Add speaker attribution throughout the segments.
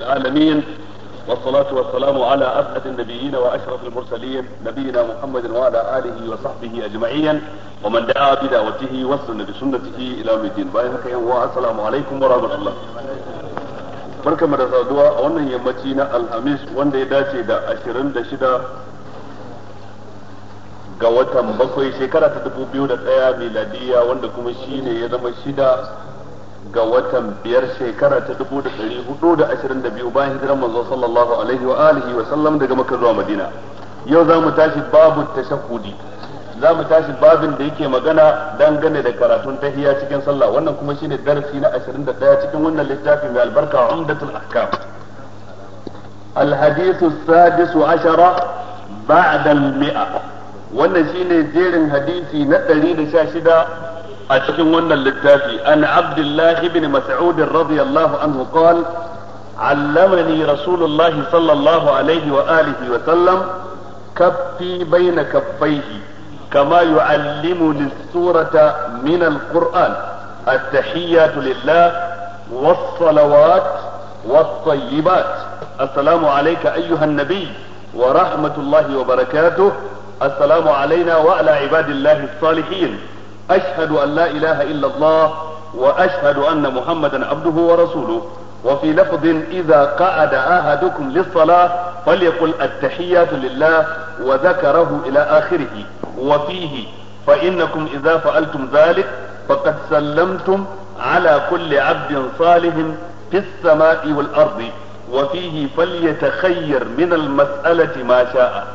Speaker 1: العالمين والصلاة والسلام على أسعد النبيين وأشرف المرسلين نبينا محمد وعلى آله وصحبه أجمعين ومن دعا بدعوته وسن بسنته إلى يوم الدين بارك السلام عليكم ورحمة الله barkamu da saduwa a wannan yammaci na alhamis wanda ya dace da 26 ga watan bakwai shekara ta 2001 miladiya wanda kuma shine ya zama shida ga watan biyar shekara ta dubu da ɗari hudu da ashirin da biyu bayan hijiran manzo sallallahu alaihi wa alihi wa sallam daga maka zuwa madina yau za mu tashi babu tashahudi za mu tashi babin da yake magana dangane da karatun tahiyya cikin sallah wannan kuma shine darasi na 21 cikin wannan littafi mai albarka umdatul ahkam الحديث السادس عشر بعد المئة wannan shine jerin hadisi na 116 أشكن ون للتافي أن عبد الله بن مسعود رضي الله عنه قال علمني رسول الله صلى الله عليه وآله وسلم كفي بين كفيه كما يعلمني السورة من القرآن التحيات لله والصلوات والطيبات السلام عليك أيها النبي ورحمة الله وبركاته السلام علينا وعلى عباد الله الصالحين أشهد أن لا إله إلا الله وأشهد أن محمدا عبده ورسوله وفي لفظ إذا قعد أحدكم للصلاة فليقل التحيات لله وذكره إلى آخره وفيه فإنكم إذا فعلتم ذلك فقد سلمتم على كل عبد صالح في السماء والأرض وفيه فليتخير من المسألة ما شاء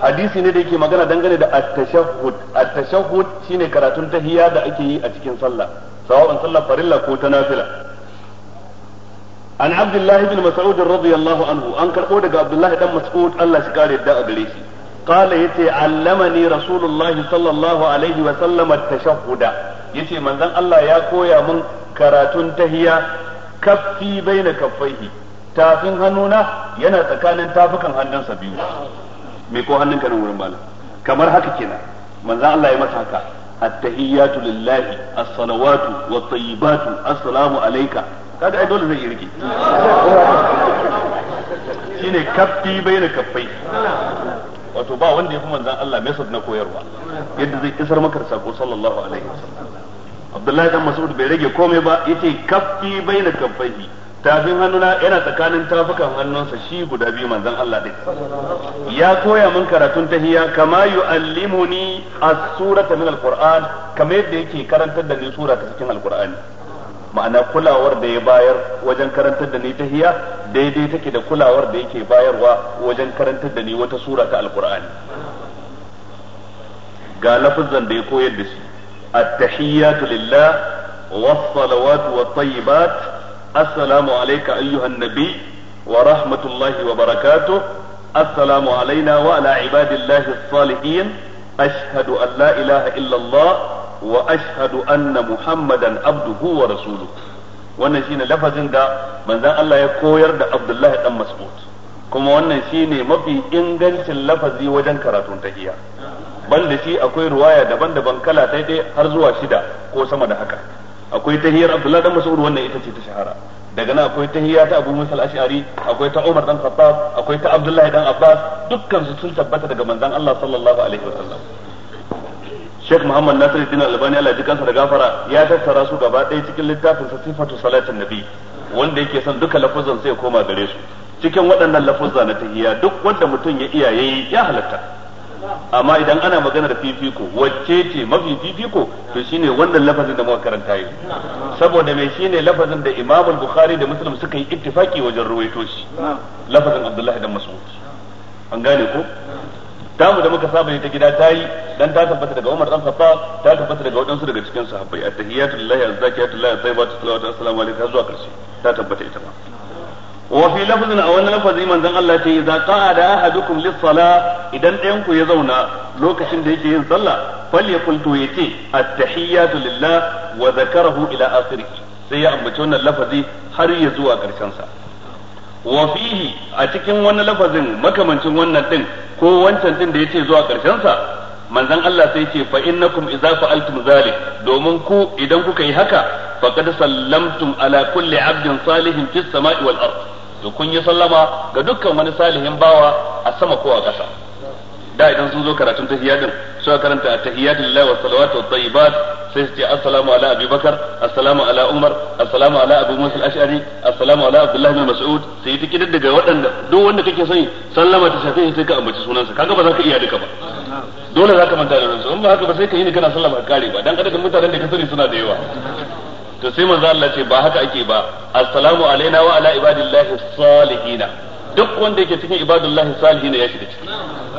Speaker 1: hadisi ne da yake magana dangane da at-tashahhud at-tashahhud shine karatun tahiyya da ake yi a cikin sallah sawa'un sallar farilla ko ta nafila an abdullah ibn mas'ud radiyallahu anhu an karbo daga abdullah dan mas'ud Allah shi kare da a gare shi qala yace allamani rasulullahi sallallahu alaihi wa sallam at yace manzon Allah ya koya mun karatun tahiyya kaffi baina kaffaihi tafin hannuna yana tsakanin tafukan hannunsa biyu me ko hannunka nan wurin malam kamar haka kenan manzon Allah ya masa haka at-tahiyatu lillahi as-salawatu wat-tayyibatu assalamu alayka kaga ai dole zai yi riki shine kaffi baina kaffai wato ba wanda ya fi manzon Allah message na koyarwa yadda zai isar maka sako sallallahu alaihi wasallam Abdullahi dan Mas'ud bai rage komai ba yace kaffi baina kaffai tafin hannuna yana tsakanin tafukan hannunsa shi guda biyu manzon Allah din ya koya min karatun tahiyya kama yu'allimuni as-surata min al-Qur'an kamar yadda yake karantar da ni sura ta cikin al-Qur'ani ma'ana kulawar da ya bayar wajen karantar da ni tahiyya daidai take da kulawar da yake bayarwa wajen karantar da ni wata sura ta al-Qur'ani ga lafazan da ya koyar da shi at-tahiyyatu lillah was-salawatu wat-tayyibat assalamu alaika ayyuhan nabi wa rahmatullahi wa barakatuh asalamu alaina wa ala ibadillahi as-salihin ashhadu an la ilaha illa wa ashhadu anna muhammadan abduhu wa rasuluh wannan shine lafazin da manzon Allah ya koyar da Abdullahi dan Mas'ud kuma wannan shine mafi ingancin lafazi wajen karatun tahiyya banda shi akwai ruwaya daban-daban kala daidai har zuwa shida ko sama da haka akwai tahiyar Abdullah dan Mas'ud wannan ita ce ta shahara daga nan akwai tahiya ta Abu Musa ashari akwai ta Umar dan Khattab akwai ta Abdullahi dan Abbas dukkan su sun tabbata daga manzon Allah sallallahu alaihi wasallam Sheikh Muhammad Din Albani Allah ya kansa da gafara ya tattara su gaba ɗaya cikin littafin sa sifatu salatin nabi wanda yake son duka lafuzan sai koma gare su cikin waɗannan lafuzza na tahiyya duk wanda mutum ya iya yayi ya halatta amma idan ana magana da fifiko wacce ce mafi fifiko to shine wannan lafazin da muka karanta yau saboda me shine lafazin da Imam al-Bukhari da Muslim suka yi ittifaki wajen ruwaito shi lafazin Abdullahi dan Mas'ud an gane ko tamu da muka saba ta gida tayi dan ta tabbata daga Umar dan Khattab ta tabbata daga wadansu daga cikin sahabbai at-tahiyatu lillahi az-zakiyatu lillahi at-tayyibatu salawatu assalamu alaikum zuwa karshe ta tabbata ita ma wa fi lafzin a wani lafazi manzon Allah ce idza da ahadukum lis-salah idan ɗayan ku ya zauna lokacin da yake yin sallah falyakul to ya ce tahiyyatu lillah wa zakarahu ila akhirih sai ya ambaci wannan lafazi har ya zuwa karshen sa wa fihi a cikin wani lafazin makamancin wannan ɗin ko wancan ɗin da yace zuwa karshen sa manzon Allah sai ce fa innakum idza fa'altum zalik domin ku idan kuka yi haka faqad sallamtum ala kulli abdin salihin fis sama'i wal ardh to kun yi sallama ga dukkan wani salihin bawa a sama ko a ƙasa da idan sun zo karatun tahiyyatin suka karanta a tahiyyatin lillahi wa salawatu wa tayyibat sai su ce assalamu ala abi bakar assalamu ala umar assalamu ala abu musa al-ash'ari assalamu ala abdullah bin mas'ud sai ta kidar daga waɗanda duk wanda kake son sallama ta shafe sai ka ambaci sunansa kaga ba za ka iya duka ba dole za ka manta da ransu in ba haka ba sai ka yi ni kana sallama ka kare ba dan kada mutanen da ka sani suna da yawa to sai manzo Allah ce ba haka ake ba assalamu alaina wa ala ibadillahi salihina duk wanda yake cikin ibadullahi salihin ya shiga ciki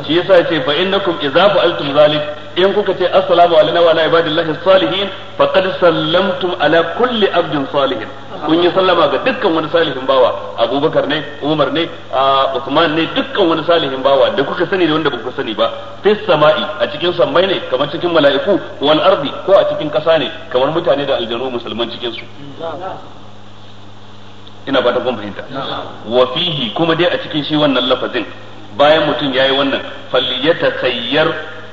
Speaker 1: shi yasa yace fa innakum idza fa'altum zalik in kuka ce assalamu alaina wa ala ibadillahi salihin faqad sallamtum ala kulli abdin salihin kun yi sallama ga dukkan wani salihin bawa abubakar ne umar ne usman ne dukkan wani salihin bawa da kuka sani da wanda ba ku sani ba fis sama'i a cikin sammai ne kamar cikin mala'iku wal ardi ko a cikin kasa ne kamar mutane da aljanu musulman cikin su ina ba ta kun fahimta wa fihi kuma dai a cikin shi wannan lafazin bayan mutum yayi wannan falliyata sayyar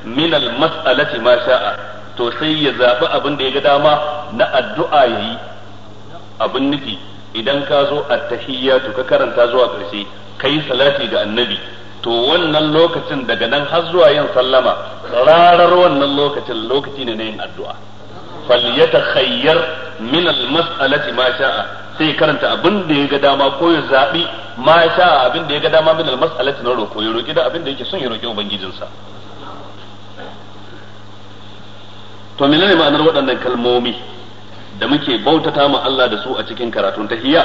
Speaker 1: min al mas'alati ma sha'a to sai ya zaɓi abin da ya ga dama na addu'a yayi abin nufi idan ka zo attahiyatu ka karanta zuwa ƙarshe kai salati ga annabi to wannan lokacin daga nan har zuwa yin sallama rarar wannan lokacin lokaci ne na yin addu'a falyata min al-mas'alati ma sha'a sai karanta abin da ya ga dama ko ya zabi ma sha'a abin da ya ga dama min al-mas'alati na roko ya roki da abin da yake son ya roki ubangijinsa to menene ma'anar waɗannan kalmomi da muke bautata ma Allah da su a cikin karatun tahiyya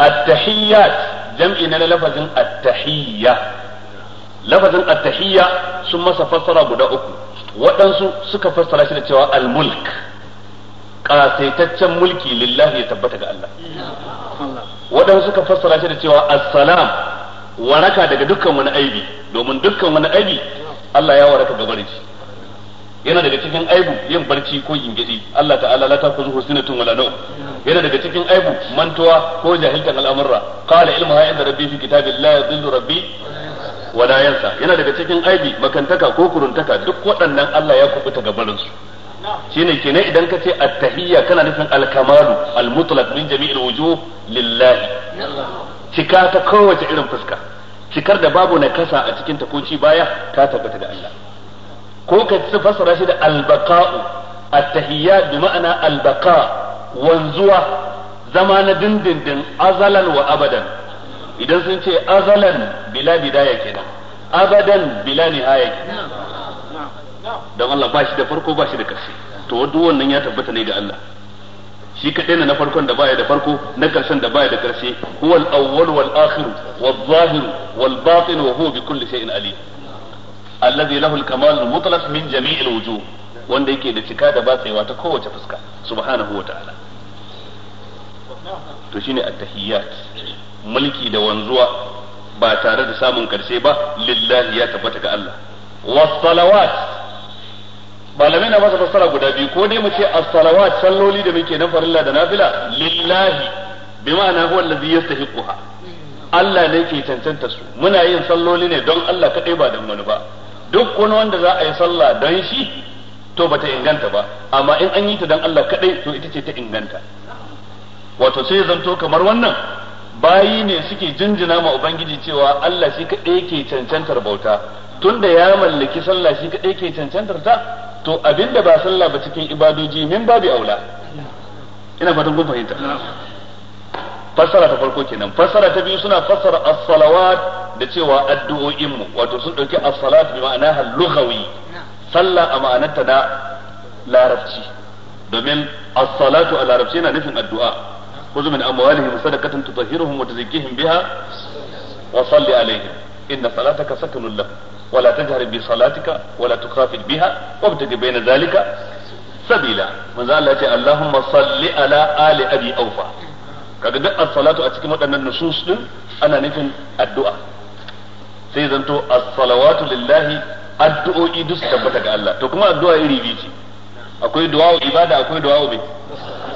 Speaker 1: at-tahiyyat jam'i na lafazin at-tahiyya lafazin at-tahiyya sun masa fassara guda uku waɗansu suka fassara shi da cewa al-mulk kasaitaccen mulki lillahi ya tabbata ga Allah waɗansu suka fassara shi da cewa assalam waraka daga dukkan wani aibi domin dukkan wani aibi Allah ya waraka gabarin shi yana daga cikin aibu yin barci ko gidi Allah ta'ala la takuzuhu sinatun wala nawm yana daga cikin aibu mantuwa ko jahiltan al'amurra qala ilmuha inda rabbi fi kitabin la yadhillu rabbi wala yansa yana daga cikin aibi makantaka ko kuruntaka duk waɗannan Allah ya kubuta gabarin su shine kenan idan ka ce at-tahiyya kana nufin al-kamalu al-mutlaq min jami'il wujuh lillahi cika ta kowace irin fuska cikar da babu nakasa a cikin ta ko ci baya ta tabbata da Allah ko ka fassara shi da albakau, at tahiyya bi ma'ana albaka wanzuwa zama na dindindin azalan wa abadan idan sun ce azalan bila bidaya kenan abadan bila nihaya kenan dan Allah ba shi da farko ba shi da ƙarshe to duk wannan ya tabbata ne ga Allah shi kadai na farkon da baya da farko na ƙarshen da baya da karshe huwal awwal wal akhir wal zahir wal batin wa huwa bi kulli shay'in alim allazi lahu al-kamalul mutlaq min jami'il wujuh wanda yake da cika da batsewa ta kowace fuska subhanahu wa ta'ala to shine at-tahiyyat mulki da wanzuwa ba tare da samun karshe ba lillahi ya tabbata ga Allah was-salawat malamai na masa fassara guda biyu ko dai mu ce as-salawat salloli da muke na farilla da nafila lillahi bi ma'ana huwa allazi yastahiquha Allah ne ke cancanta su muna yin salloli ne don Allah kadai ba don wani ba duk wani wanda za a yi sallah don shi to bata inganta ba amma in an yi ta don Allah kadai to ita ce ta inganta wato sai zanto kamar wannan bayi ne suke jinjina ma ubangiji cewa Allah shi kadai ke cancantar bauta tunda ya mallaki sallah shi kadai ke cancantar ta to abinda ba sallah ba cikin ibadoji min babu aula ina fatan kun fahimta fassara ta farko kenan fassara ta biyu suna fassara as-salawat da cewa addu'o'in mu wato sun dauki as-salat bi ma'ana lughawi sallah a ma'anarta na larabci domin as-salatu a larabci yana nufin addu'a kuzu min amwalihim sadaqatan tutahhiruhum wa tuzakkihim biha wa salli alaihim inna salataka sakanun lahum ولا تجهر بصلاتك biha تخافت بها وابتغ بين ذلك سبيلا من ذا ce اللهم salli ala ali أبي أوفى kaga duk as-salatu a cikin waɗannan nusus din ana nufin addu'a sai zanto as-salawatu lillahi addu'o'i duk tabbata ga Allah to kuma addu'a iri biyu ce akwai du'a ibada akwai du'a bi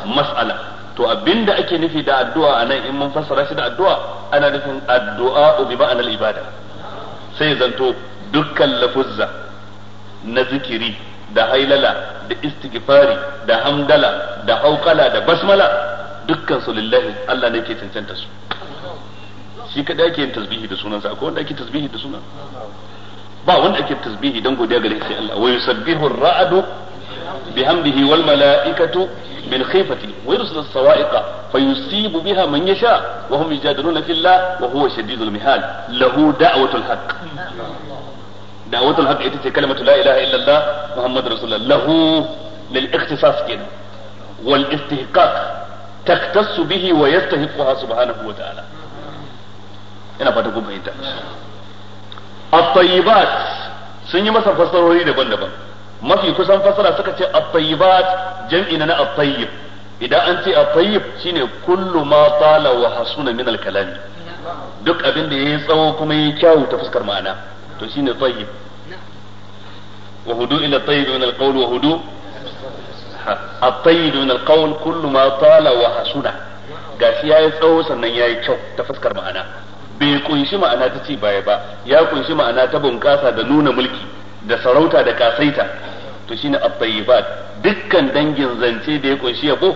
Speaker 1: mas'ala to abinda ake nufi da addu'a anan in mun fassara shi da addu'a ana nufin addu'a bi ma'anar ibada sai zanto dukkan lafuzza na zikiri da hailala da istighfari da hamdala da haukala da basmala dukkan su lillahi Allah ne ke cancanta su shi kadai ake yin tasbihi da sunansa akwai wanda ake tasbihi da sunan ba wanda ake tasbihi dan godiya gare shi Allah wa yusabbihu ar-ra'du bihamdihi wal mala'ikatu bil khifati wa yursilu as-sawa'iqa fayusibu biha man yasha wa hum yujadiluna fillah wa huwa shadidul mihal lahu da'watul haqq da'watul haqq ita ce kalmatu la ilaha illallah muhammadur rasulullah lahu lil ikhtisas kenan wal istihqaq taktassu bihi wa yastahiquha subhanahu wa ta'ala ina fata kun fahimta at-tayyibat sun yi masa fasarori daban-daban mafi kusan fasara suka ce at-tayyibat jam'i na at-tayyib idan an ce at-tayyib shine kullu ma tala wa hasuna min al-kalam duk abin da yayi tsawo kuma yayi kyawu ta fuskar ma'ana to shine tayyib wa hudu ila tayyib min al-qawl wa hudu at-tayyibun al-qawl kullu ma tala wa hasuna gashi yayi tsawo sannan yayi kyau ta fuskar ma'ana bai kunshi ma'ana ta ci baya ba ya kunshi ma'ana ta bunƙasa da nuna mulki da sarauta da kasaita to shine at-tayyibat dukkan dangin zance da ya kunshi yabo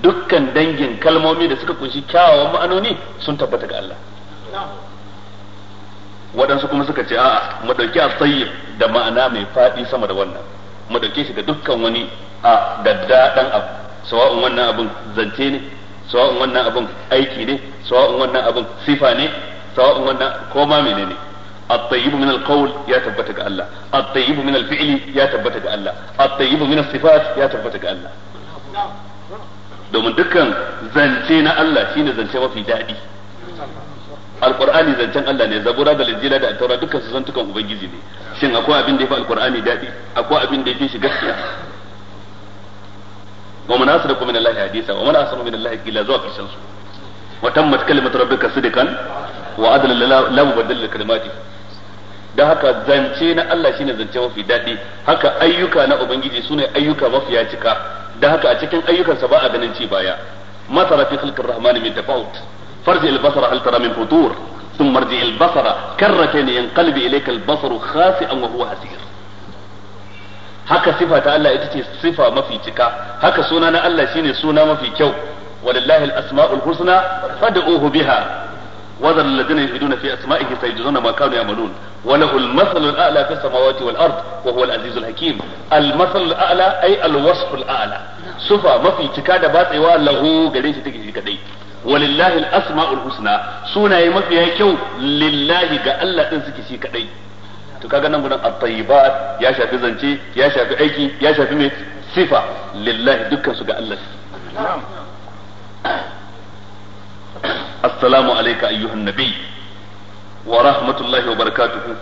Speaker 1: dukkan dangin kalmomi da suka kunshi kyawawan ma'anoni sun tabbata ga Allah waɗansu kuma suka ce a'a mu ɗauki at-tayyib da ma'ana mai faɗi sama da wannan mu dauke shi ga dukkan wani a daddadan abu sawa'un wannan abun zance ne sawa'un wannan abun aiki ne sawa'un wannan abun sifa ne sawa'un wannan ko ma menene at-tayyib min al-fi'li ya tabbata ga Allah at-tayyib min الطيب sifat ya tabbata ga Allah domin dukkan zance na Allah shine zance mafi daɗi alqur'ani zancen Allah ne zabura da lijila da taura dukkan su zantukan ubangiji ne shin akwai abin da ya fi alkur'ani daɗi akwai abin da ya fi shi gaskiya wa man asra min Allah hadisa wa man asra min Allah ila zuwa karshen su wa tammat kalimatu rabbika sidqan wa adla la mubaddala li kalimati dan haka zance na Allah shine zance mafi daɗi haka ayyuka na ubangiji sune ayyuka mafiya cika dan haka a cikin ayyukansa ba a ganin ci baya masara fi khalqir rahman min tafawut farji al-basara hal tara min futur ثم ارجع البصر كرتين ينقلب إليك البصر خاسئا وهو حسير haka sifa ta Allah ita ce sifa mafi cika haka suna na Allah shine suna mafi kyau walillahi al-asma'ul husna fad'uhu biha wa dhal ladina yuhiduna fi asma'ihi sayajzuna ma kanu ya'malun wa lahu al-masal al-a'la fi samawati wal ard wa huwa al-aziz al-hakim al-masal al-a'la ay al sifa mafi cika da batsewa lahu gare shi take shi kadai walillahi al-asma'ul husna sunaye mafiya kyau lillahi ga Allah din suke shi kadai to kaga nan gudan at-tayyibat ya shafi zance ya shafi aiki ya shafi me sifa lillahi dukkan su ga Allah assalamu alayka ayyuhan nabiy wa rahmatullahi wa barakatuhu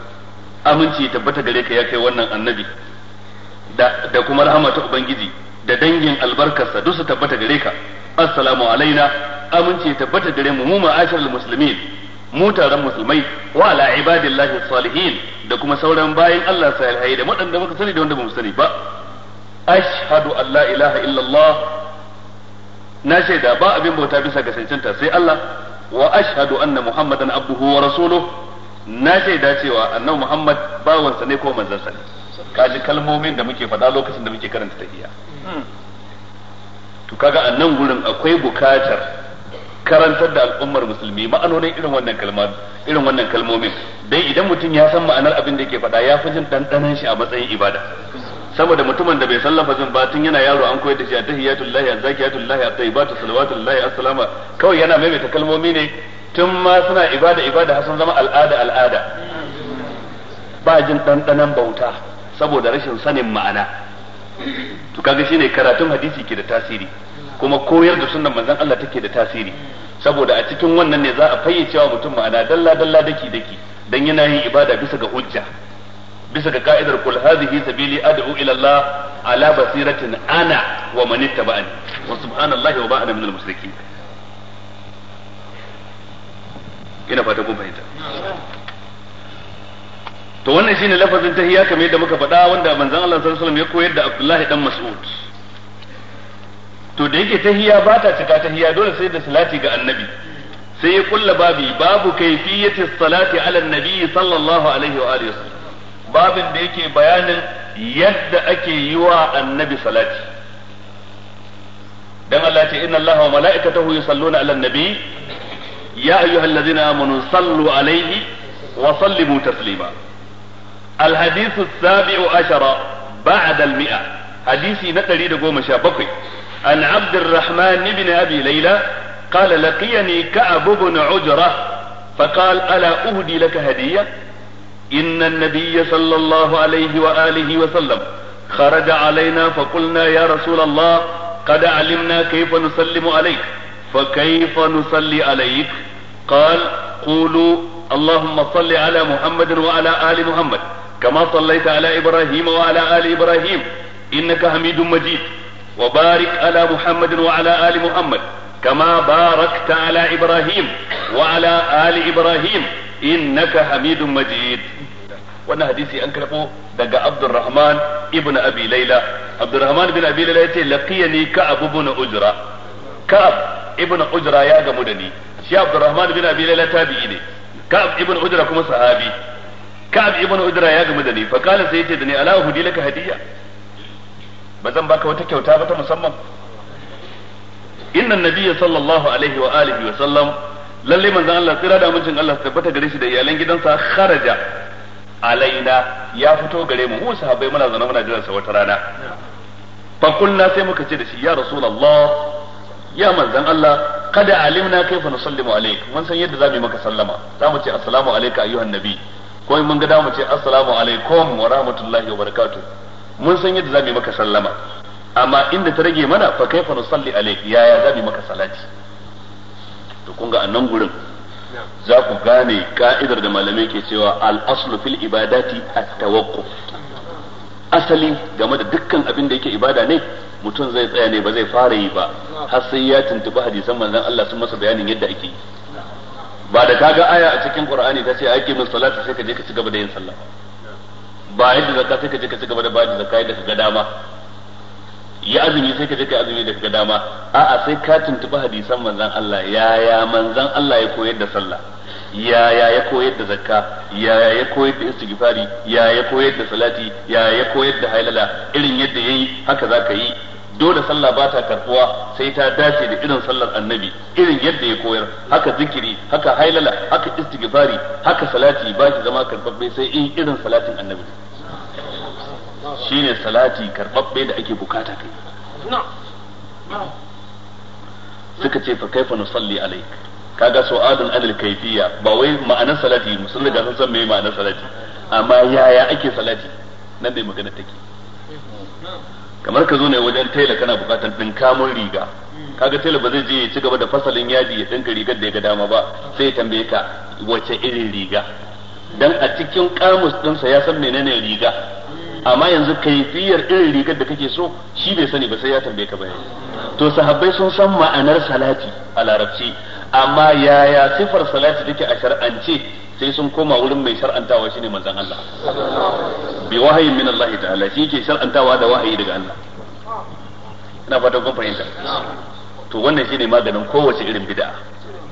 Speaker 1: aminci tabbata gare ka ya kai wannan annabi da kuma rahama ta ubangiji da dangin albarkarsa duk su tabbata gare ka assalamu alaina aminci tabbata gare mu mu ma'asharul muslimin mu taron musulmai wa ala ibadillahi salihin da kuma sauran bayin Allah salihai da waɗanda muka sani da wanda bamu sani ba ashhadu an la ilaha illallah na shaida ba abin bauta bisa ga cancanta sai Allah wa ashhadu anna muhammadan abduhu wa na shaida cewa annabi muhammad bawansa ne ko manzon kaji kalmomin da muke faɗa lokacin da muke karanta tahiyya to kaga a nan gurin akwai bukatar karantar da al'ummar musulmi ma'anonin irin wannan kalmar irin wannan kalmomin dai idan mutum ya san ma'anar abin da yake faɗa ya fi jin dandanan shi a matsayin ibada saboda mutumin da bai san lafazin ba tun yana yaro an koyar da shi a a azzakiyatullahi attaibatu a assalama kawai yana maimaita kalmomi ne tun ma suna ibada ibada har sun zama al'ada al'ada ba jin dandanan bauta saboda rashin sanin ma'ana to kaga shine karatun hadisi ke da tasiri kuma koyar da sunnan manzon Allah take da tasiri saboda a cikin wannan ne za a fayyace wa mutum ma'ana dalla dalla daki daki dan yana yin ibada bisa ga hujja bisa ga ka'idar kul hadhihi sabili ad'u ila Allah ala basiratin
Speaker 2: ana
Speaker 1: wa man ittaba'ani wa subhanallahi wa ba'ana min al ina fata kun fahimta to wannan shine lafazin tahiyya kamar yadda muka faɗa wanda manzon Allah sallallahu alaihi wasallam ya koyar da Abdullahi dan Mas'ud to da yake tahiyya ba ta cika tahiyya dole sai da salati ga annabi sai ya kulla babi babu kayfiyati salati ala annabi sallallahu alaihi wa alihi babin da yake bayanin yadda ake yi wa annabi salati dan Allah ce inna Allah wa mala'ikatahu yusalluna ala annabi ya ayyuhallazina amanu sallu alaihi wa sallimu taslima الحديث السابع عشر بعد المئة حديث نقل دقوم شابقي عن عبد الرحمن بن أبي ليلى قال لقيني كعب بن عجرة فقال ألا أهدي لك هدية إن النبي صلى الله عليه وآله وسلم خرج علينا فقلنا يا رسول الله قد علمنا كيف نسلم عليك فكيف نصلي عليك قال قولوا اللهم صل على محمد وعلى آل محمد كما صليت على إبراهيم وعلى آل إبراهيم إنك حميد مجيد وبارك على محمد وعلى آل محمد كما باركت على إبراهيم وعلى آل إبراهيم إنك حميد مجيد wannan hadisi an karɓo daga Abdurrahman ibn Abi Laila Abdurrahman ibn Abi Laila yace laqiyani Ka'ab ibn Ujra Ka'ab ibn Ujra ya gamu da ni shi Abdurrahman ibn Abi Laila tabi'i ne Ka'ab ibn Ujra kuma sahabi ka'ab ibn udra ya gamu da ni fa kala sai yace da ni ala hudi laka hadiya ba zan baka wata kyauta ba ta musamman inna nabiyya sallallahu alaihi wa alihi wa sallam lalle manzon Allah tsira da mutum Allah tabbata gare shi da iyalan gidansa kharaja alaina ya fito gare mu mu sahabbai muna zaune muna jiran sa wata rana fa kunna sai muka ce da shi ya rasulullah ya manzon Allah kada alimna kaifa nusallimu alaik mun san yadda zamu yi maka sallama zamu ce assalamu alayka ayyuhan nabi ko mun ga mu ce assalamu alaikum wa rahmatullahi wa barakatuh mun san yadda zamu yi maka sallama amma inda ta rage mana fa kaifa nusalli alayk yaya zamu yi maka salati to kun ga annan gurin za ku gane ka'idar da malamai ke cewa al aslu fil ibadati at tawaqquf asali game da dukkan abin da yake ibada ne mutum zai tsaya ne ba zai fara yi ba har sai ya tuntubi hadisan manzon Allah sun masa bayanin yadda ake yi
Speaker 2: ba da kaga aya a
Speaker 1: cikin qur'ani ta ce ake min salati sai ka je ka ci gaba da yin sallah ba yadda zakka sai ka je ka ci gaba da bayar da zakka yadda ka dama ya azumi sai ka je ka azumi da ka dama a'a sai ka tuntuba hadisan manzon Allah yaya manzon Allah ya koyar da sallah
Speaker 2: yaya ya
Speaker 1: koyar da zakka yaya ya koyar da istighfari yaya ya koyar da salati yaya ya koyar da halala irin yadda yayi haka zaka yi dole sallah ba ta karbuwa sai ta dace da irin sallar annabi irin yadda ya koyar haka zikiri haka hailala haka istighfari haka salati ba shi zama karbabbe sai in irin salatin annabi shine salati karbabbe da ake bukata kai suka ce fa kaifa nusalli alaik kaga su'adun anil kaifiya ba wai ma'anar salati musulmi da san me ma'anar salati amma yaya ake salati nan dai magana take kamar ka zo ne wajen taila kana bukatan kamun riga kaga taila ba zai je ya ci gaba da fasalin yaji ya dinka rigar da ya ga dama ba sai ya tambaye ka wace irin riga dan a cikin kamus dinsa ya san menene riga amma yanzu fiyar irin rigar da kake so shi bai sani ba sai ya tambaye ka ba to sahabbai sun san ma'anar salati a larabci amma yaya sifar salati take a shar'ance sai sun koma wurin mai shar'antawa shine manzon Allah bi wahayin min Allah ta'ala shi ke shar'antawa da wahayi daga Allah ina fatan kun fahimta to wannan shine maganin kowace irin bid'a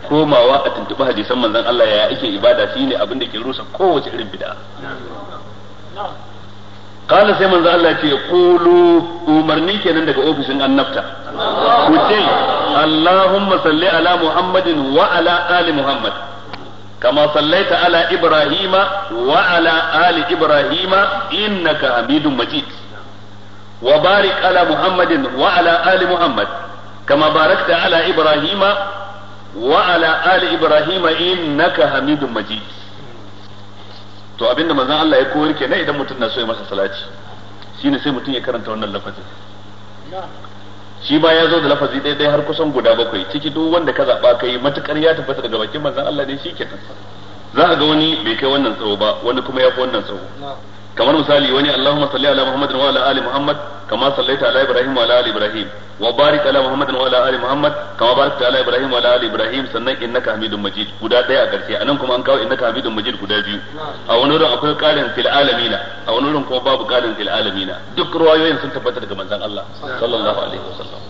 Speaker 1: komawa a tuntuɓi hadisan manzon Allah yaya ake ibada shine abin da ke rusa kowace irin bid'a qala sai manzo Allah ce qulu umarni kenan daga ofishin annabta ku ce Allahumma salli ala Muhammadin wa ala ali Muhammad kama sallaita ala Ibrahima wa ala ali Ibrahima innaka Hamidum Majid wa barik ala Muhammadin wa ali Muhammad kama barakta ala Ibrahima wa ali Ibrahima to abinda manzon Allah ya koyar kenan idan mutum na so ya masa salati shine sai mutum ya karanta wannan lafazi shi ba ya zo da lafazi ɗaya har kusan guda bakwai ciki duk wanda ka zaɓa ka yi matukar ya tabbata daga bakin manzon Allah ne shi shikenan za a ga wani bai kai wannan tsawo ba wani kuma ya fi wannan tsawo kamar misali wani Allahumma salli ala Muhammad wa ala ali Muhammad kama sallaita ala Ibrahim wa ala ali Ibrahim wa barik ala Muhammad wa ala ali Muhammad kama barakta ala Ibrahim wa ala ali Ibrahim sannan innaka Hamidum Majid guda daya a karshe anan kuma an kawo innaka Hamidum Majid guda biyu a wani wurin akwai fil alamina a wani wurin kuma babu qarin fil alamina duk ruwayoyin sun tabbata daga manzon Allah sallallahu alaihi wasallam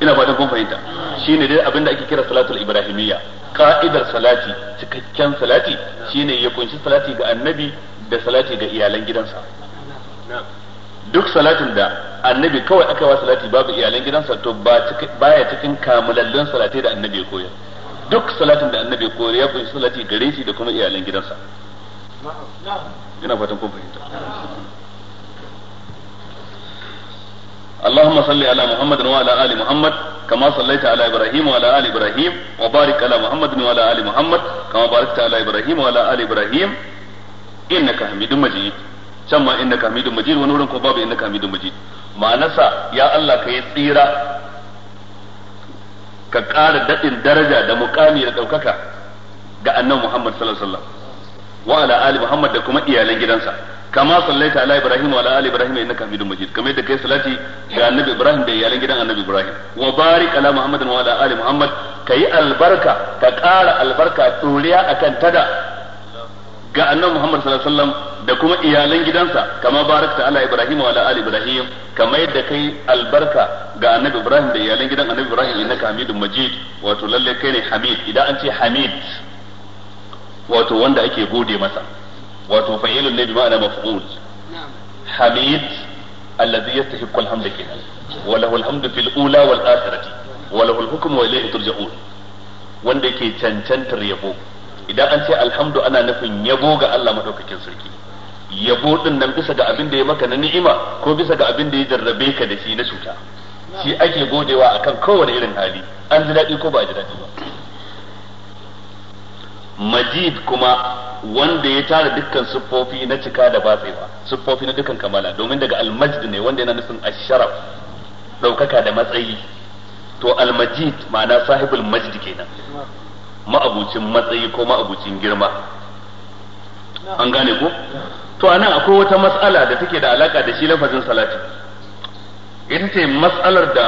Speaker 1: ina fatan kun fahimta shine dai abinda ake kira salatul ibrahimiyya ka'idar salati cikakken salati shine ya kunshi salati ga annabi da salati ga iyalan gidansa duk salatin da annabi kawai aka wa salati babu iyalan gidansa to ba ya cikin kamulallun salati da annabi ya koya duk salatin da annabi ya koya ya kunshi salati gare shi da kuma iyalan gidansa ina fatan kun fahimta اللهم صل على محمد وعلى ال محمد كما صليت على ابراهيم وعلى ال ابراهيم وبارك على محمد وعلى ال محمد كما باركت على ابراهيم وعلى ال ابراهيم انك حميد مجيد can ma innaka hamidun majid wani wurin ko babu innaka hamidun majid ma'anarsa ya Allah ka yi tsira ka ƙara daɗin daraja da mukami da ɗaukaka ga annabi Muhammad sallallahu wa ala ali Muhammad da kuma iyalan gidansa kama sallaita ala ibrahim wa ala ali ibrahim innaka hamidum majid kamar da kai salati ga annabi ibrahim da iyalan gidan annabi ibrahim wa barik ala muhammadin wa ala ali muhammad kai albarka ka ƙara albarka tsoriya akan tada ga annabi muhammad sallallahu alaihi wasallam da kuma iyalan gidansa kama barakta ala ibrahim wa ala ali ibrahim kamar da kai albarka ga annabi ibrahim da iyalan gidan annabi ibrahim innaka hamidum majid wato lalle kai ne hamid idan an ce hamid wato wanda ake gode masa wato fa'ilun ne bi ma'ana maf'ul hamid alladhi yastahiqqu alhamd kina wa lahu alhamdu fil ula wal akhirati wa lahu alhukmu wa ilayhi turja'un wanda yake cancantar yabo idan an ce alhamdu ana nufin yabo ga Allah madaukakin sarki yabo din nan bisa ga abin da ya maka na ni'ima ko bisa ga abin da ya jarrabe ka da shi na cuta shi ake godewa akan kowane irin hali an ji daɗi ko ba ji daɗi ba majid kuma wanda ya tara dukkan siffofi na cika da batsewa siffofi na dukkan kamala domin daga almajid ne wanda yana nufin asharaf daukaka da matsayi to almajid ma'ana sahibul majid kenan ma'abucin matsayi ko ma'abucin girma an gane ko to anan akwai wata matsala da take da alaka da shi lafazin salati ita ce matsalar da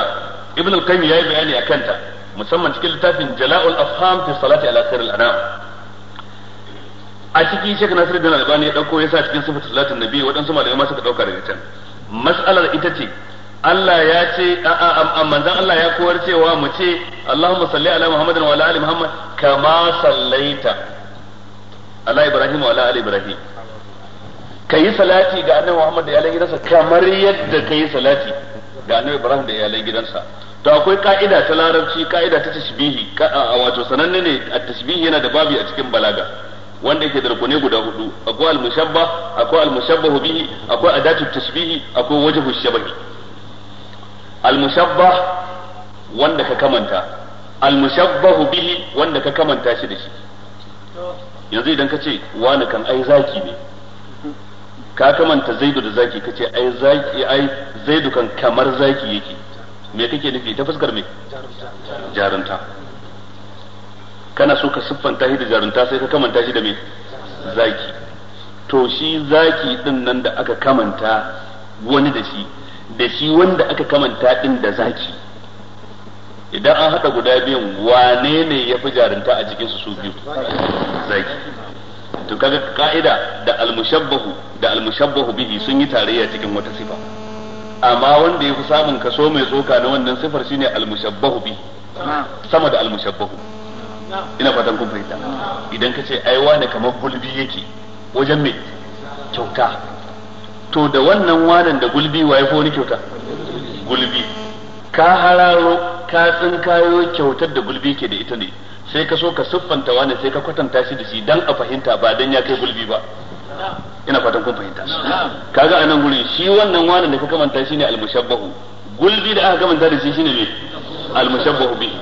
Speaker 1: ibn al-qayyim yayi bayani akan ta musamman cikin littafin jala'ul afham fi salati ala khairil anam a ciki shek nasir da albani ya dauko yasa cikin sifatu salatin nabi waɗansu malamai ma suka dauka daga can mas'alar ita ce Allah ya ce manzon Allah ya koyar cewa mu ce Allahumma salli ala Muhammadin wa ala ali Muhammad kama sallaita ala Ibrahim wa ala ali Ibrahim kayi salati ga annabi Muhammad da iyalan gidansa kamar yadda kayi salati ga annabi Ibrahim da iyalan gidansa to akwai ka'ida ta larabci ka'ida ta tashbihi wato sananne ne at-tashbihi yana da babi a cikin balaga wanda yake da rukuni guda hudu akwai al-mushabbah akwai al-mushabbahu bihi akwai adatu tashbihi akwai wajhu shabahi al-mushabbah wanda ka kamanta al-mushabbahu bihi wanda ka kamanta shi da shi yanzu idan ka ce wani kan ai zaki ne ka kamanta zaidu da zaki ka ce ai zaki ai zaidu kan kamar zaki yake me kake nufi ta fuskar me jarumta kana so ka siffanta shi da jarunta sai ka kamanta shi da mai zaki to shi zaki din nan da aka kamanta wani da shi da shi wanda aka kamanta din da zaki idan an haɗa guda biyun wane ne ya fi jarunta a cikinsu su biyu zaki to kaga ka'ida da almushabbahu da almushabbahu bihi sun yi tarayya cikin wata sifa amma wanda ya fi samun kaso mai tsoka na wannan sifar shine almushabbahu bihi ah. sama da almushabbahu ina fatan kun fahimta idan ka ce ai wane kamar gulbi yake wajen mai kyauta to da wannan wanan da gulbi waye ko wani kyauta gulbi ka hararo ka tsin kayo kyautar da gulbi ke da ita ne sai ka so ka siffanta wane sai ka kwatanta shi da shi dan a fahimta ba dan ya kai gulbi ba ina fatan kun fahimta kaga anan gurin shi wannan wanan da ka kamanta shine almushabbahu gulbi da aka kamanta da shi shine me almushabbahu bihi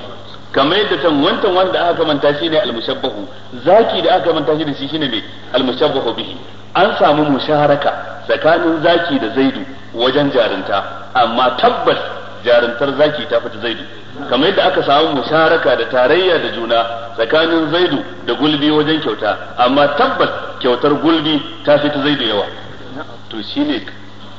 Speaker 1: kamar yadda tan wantan wanda aka manta shi ne almushabbahu zaki da aka manta shi da shi shine mai almushabbahu bihi an samu musharaka tsakanin zaki da zaidu wajen jarinta amma tabbas jarintar zaki ta fita zaidu kamar yadda aka samu musharaka da tarayya da juna tsakanin zaidu da gulbi wajen kyauta amma tabbas kyautar gulbi ta fita zaidu yawa to shine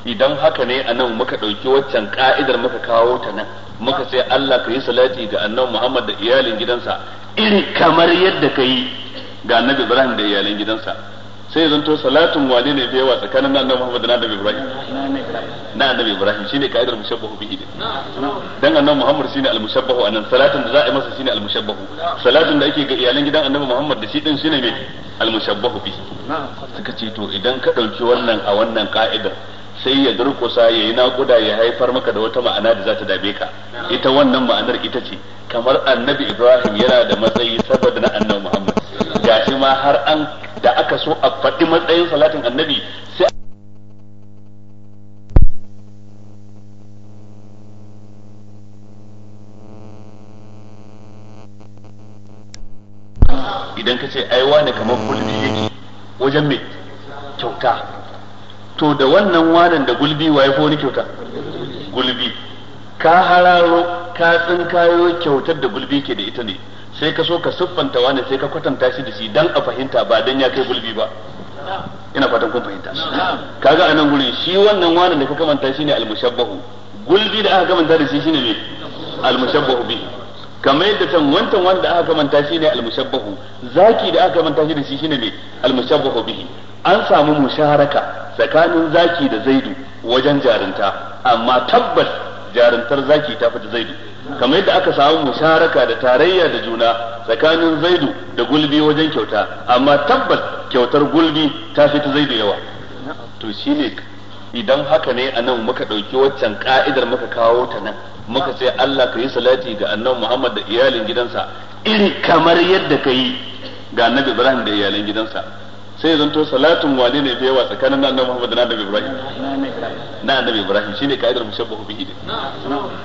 Speaker 1: idan haka ne anan muka ɗauki waccan ka'idar muka kawo ta nan muka sai Allah ka yi salati ga annabi Muhammad da iyalin gidansa
Speaker 2: iri kamar yadda
Speaker 1: ka yi ga annabi Ibrahim da iyalin gidansa sai zan to salatun wane ne fi yawa tsakanin annabi Muhammad da annabi Ibrahim na annabi Ibrahim shine ka'idar mushabbahu bihi din dan annabi Muhammad shine al-mushabbahu anan salatin da za a yi masa shine al-mushabbahu salatin da ake ga iyalan gidan annabi Muhammad da shi din shine me al-mushabbahu bihi suka ce to idan ka dauki wannan a wannan ka'idar sai ya durkusa ya yi naƙuda ya haifar maka da wata ma'ana da za ta dame ka ita wannan ma'anar ita ce kamar annabi ibrahim yana da matsayi saboda na annabi muhammad shi ma har an da aka so a faɗi matsayin salatin annabi sai idan ka ce ai wane kamar kulli yake wajen mai kyauta to da wannan wanan da gulbi waye ko wani kyauta gulbi ka hararo ka kayo kyautar da gulbi ke da ita ne sai ka so ka siffanta wani sai ka kwatanta shi da shi dan a fahimta ba dan ya kai gulbi ba ina fatan kun fahimta kaga anan gurin shi wannan wanan da ka kamanta shine almushabbahu gulbi da aka kamanta da shi shine me almushabbahu bihi kamar yadda can wancan wanda aka manta shi ne almushabbahu zaki da aka manta shi da shi shine ne almushabbahu bihi an samu musharaka tsakanin zaki da zaidu wajen jarinta amma tabbas jarintar zaki ta fi zaidu kamar yadda aka samu musharaka da tarayya da juna tsakanin zaidu da gulbi wajen kyauta amma tabbas kyautar gulbi ta ta zaidu yawa to shine idan haka ne a nan muka ɗauki waccan ka'idar muka kawo ta nan muka ce Allah ka yi salati ga annabi Muhammad da iyalin gidansa
Speaker 2: iri kamar
Speaker 1: yadda ka yi ga annabi Ibrahim da iyalin gidansa sai zanto salatun wane ne fi yawa tsakanin annabi Muhammad da annabi Ibrahim na annabi Ibrahim shine ka'idar mushabbahu bihi din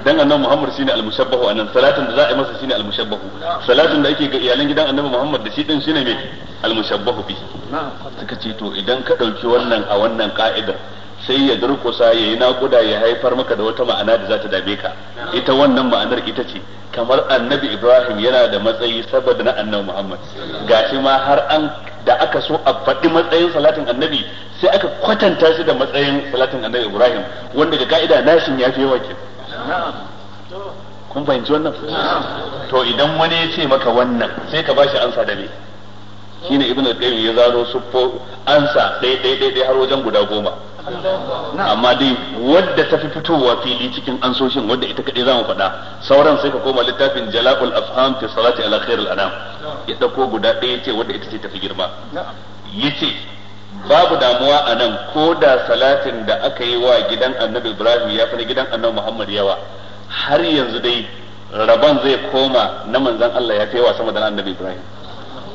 Speaker 1: dan annabi Muhammad shine al-mushabbahu anan salatin da za a yi masa shine al-mushabbahu salatin da ake ga iyalan gidan annabi Muhammad da shi din shine me al-mushabbahu bihi suka ce to idan ka dauki wannan a wannan ka'idar sai ya durƙusa ya yi naƙuda ya haifar maka da wata ma'ana da za ta dame ka ita wannan ma'anar ita ce kamar annabi ibrahim yana da matsayi saboda na annabi muhammad shi ma har an da aka so a faɗi matsayin salatin annabi sai aka kwatanta shi da matsayin salatin annabi ibrahim wanda ga ka'ida nashin ya fi yawa ke kun fahimci wannan to idan wani ya ce maka wannan sai ka bashi ansa da me shine ibn al-qayyim ya zaro sufo ansa dai dai dai dai har wajen guda goma amma dai wadda ta fi fitowa fili cikin ansoshin wadda ita kaɗai zamu faɗa sauran sai ka koma littafin jala'ul afham fi salati ala khairil anam ya dauko guda ɗaya ce wadda ita ce tafi girma yace babu damuwa a nan ko da salatin da aka yi wa gidan annabi ibrahim ya fi na gidan annabi muhammad yawa har yanzu dai rabon zai koma na manzan allah ya fi yawa sama da annabi ibrahim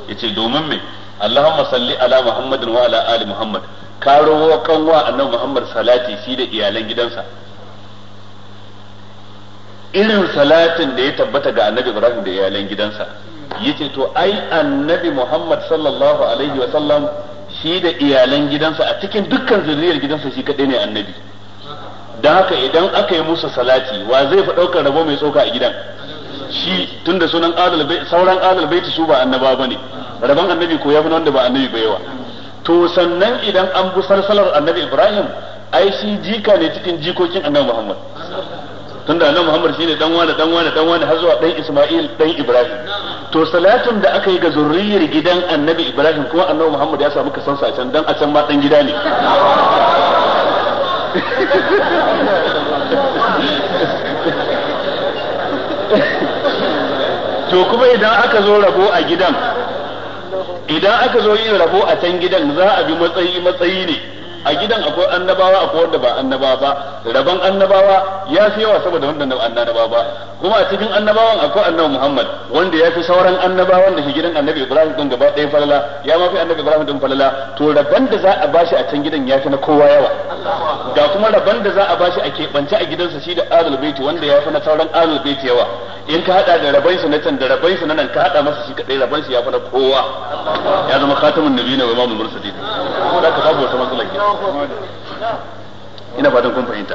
Speaker 1: yace domin me Allahumma salli ala Muhammadin wa ala ali Muhammad ka rowa kanwa annabi Muhammad salati shi da iyalan gidansa irin salatin da ya tabbata ga annabi Ibrahim da iyalan gidansa yace to ai annabi Muhammad sallallahu alaihi wa sallam shi da iyalan gidansa a cikin dukkan zuriyar gidansa shi kadai ne annabi dan haka idan aka yi musu salati wa zai fa daukar rabo mai tsoka a gidan shi tunda sunan adal bai sauran adal bai su ba annaba bane rabon annabi ko yafi wanda ba annabi ba yawa to sannan idan an bi salsalar annabi Ibrahim ai shi jika ne cikin jikokin annabi Muhammad tunda annabi Muhammad shine dan wani dan wani dan wani har zuwa dan Isma'il dan Ibrahim to salatin da aka yi ga zurriyar gidan annabi Ibrahim kuma annabi Muhammad ya samu kasansa a can dan a can ma dan gida ne to kuma idan aka zo rabo a gidan idan aka zo yin rabo a can gidan za a bi matsayi matsayi ne a gidan akwai annabawa akwai wanda ba annabawa ba rabon annabawa ya fi yawa saboda wanda ba annabawa ba kuma a cikin annabawan akwai annabi Muhammad wanda ya fi sauran annabawan da ke gidan annabi Ibrahim din gaba ɗaya falala ya ma fi annabi Ibrahim din falala to rabon da za a bashi a can gidan ya fi na kowa yawa ga kuma rabon da za a bashi a keɓance a gidansa shi da Ahlul Bait wanda ya fi na sauran Ahlul Bait yawa in ka hada da rabon shi na can da rabon shi na nan ka hada masa shi kadai rabon shi ya fi na kowa ya zama khatamun nabiyina wa imamul mursalin da ka babu wata matsala ke ina fatan kun fahimta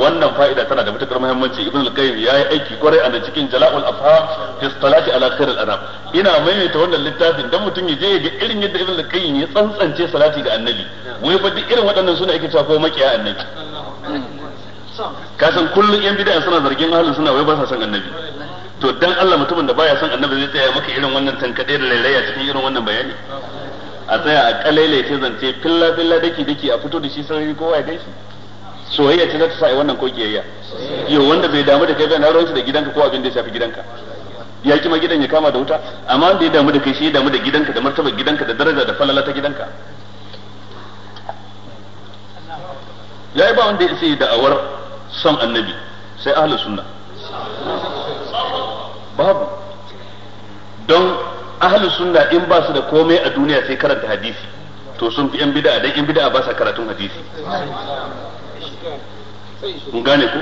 Speaker 1: wannan fa'ida tana da matukar muhimmanci ibn al-qayyim yayi aiki kwarai a cikin jala'ul afham fi salati ala khairil anam ina maimaita wannan littafin dan mutum ya je ga irin yadda ibn al-qayyim ya tsantsance salati ga annabi wai fa duk irin waɗannan suna yake cewa ko makiya annabi kasan kullun yan bid'a suna zargin ahlus sunna wai ba sa son annabi to dan Allah mutumin da baya son annabi zai tsaya maka irin wannan tankade da lailaya cikin irin wannan bayani a tsaya a ce zance filla filla daki daki a fito da shi sarari kowa ya gaishe soyayya ce za ta sa wannan ko kiyayya yo wanda bai damu da kai bai na rawanci da gidanka ko abin da ya shafi gidanka ya kima gidan ya kama da wuta amma wanda ya damu da kai shi ya damu da gidanka da martabar gidanka da daraja da falala ta gidanka ya yi ba wanda ya sai da'awar son annabi sai ahlus sunna babu don ahli sunna in ba su da komai a duniya sai karanta hadisi to sun fi yan bid'a dan yan bid'a ba sa karatun hadisi mun gane ko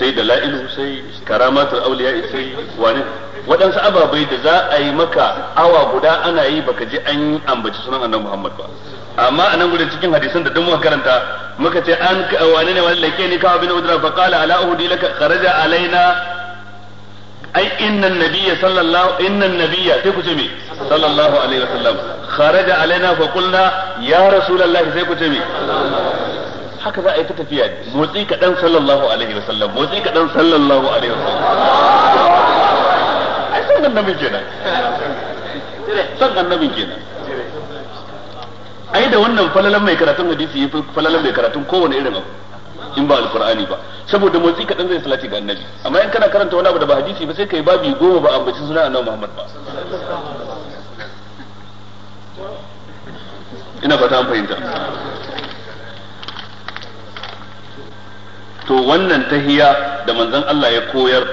Speaker 1: sai da la'ilu sai karamatul awliya sai wani waɗansu ababai da za a yi maka awa guda ana yi baka ji an ambaci sunan annabi Muhammad ba amma a nan gudun cikin hadisan da duk muka karanta muka ce an wani ne wani lake ni kawo bin udra fa qala ala uhdi laka kharaja alaina ai innan nabiyya sallallahu innan nabiyya sai ku ce me sallallahu alaihi wasallam kharaja alaina fa qulna ya rasulullah sai ku ce me haka za a yi ta tafiya motsi dan sallallahu alaihi wasallam motsi dan sallallahu alaihi
Speaker 3: wasallam ai sai annabi
Speaker 1: kenan san annabi kenan ai da wannan falalan mai karatun hadisi yafi falalan mai karatun kowane irin abu in ba alkur'ani ba saboda motsi kadan zai salati ga annabi amma in kana karanta wani abu da ba hadisi ba sai kai babi goma ba ambaci sunan annabi Muhammad ba ina fata an fahimta to wannan tahiya da manzon Allah ya koyar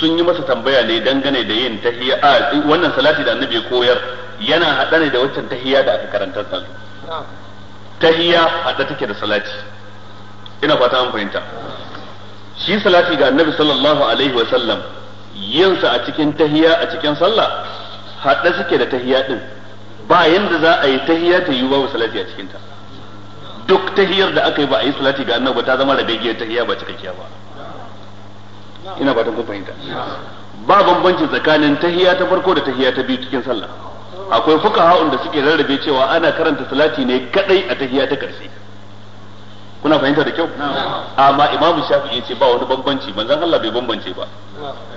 Speaker 1: sun yi masa tambaya ne dangane da yin tahiya a wannan salati da annabi ya koyar yana haɗa ne da waccan tahiya da aka karanta ta tahiya hada take da salati ina fata an fahimta shi salati ga annabi sallallahu alaihi wa sallam yin sa a cikin tahiya a cikin sallah haɗe suke da tahiya din ba yanda za a yi tahiya ta yi babu salati a cikin ta duk tahiyar da aka yi ba a yi salati ga annabi ta zama rabeggiyar tahiya ba cikakkiya ba ina fatan ku fahimta ba bambanci tsakanin tahiya ta farko da tahiya ta biyu cikin sallah akwai fuka fuqaha'un da suke rarrabe cewa ana karanta salati ne kadai a tahiya ta karshe kuna fahimta da kyau amma imamu shafi'i ce ba wani bambanci manzon Allah bai bambance ba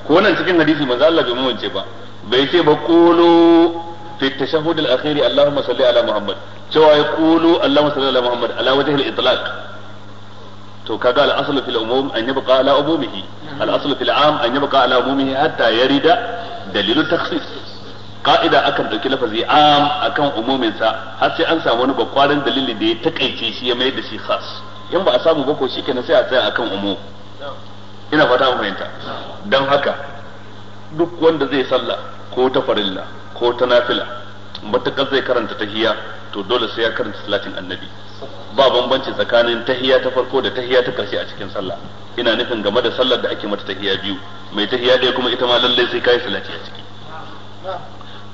Speaker 1: ko nan cikin hadisi manzon Allah bai bambance ba bai ce ba qulu fi tashahhud al-akhir Allahumma salli ala Muhammad cewa ya qulu Allahumma salli ala Muhammad ala wajhi al-itlaq to kaga al-aslu fil umum an yabqa ala umumihi al-aslu fil am an yabqa ala umumihi hatta yarida dalilu takhsis ka'ida akan ɗauki lafazi am akan umuminsa har sai an samu wani bakwaran dalili da ya takaice shi ya mayar da shi khas in ba a samu ba ko shikenan sai a tsaya akan umu ina fata an fahimta dan haka duk wanda zai sallah ko ta farilla ko ta nafila matakar zai karanta tahiya to dole sai ya karanta salatin annabi ba bambanci tsakanin tahiyya ta farko da tahiyya ta karshe a cikin sallah ina nufin game da sallar da ake mata tahiyya biyu mai tahiyya ɗaya kuma ita ma lallai sai kai salati a ciki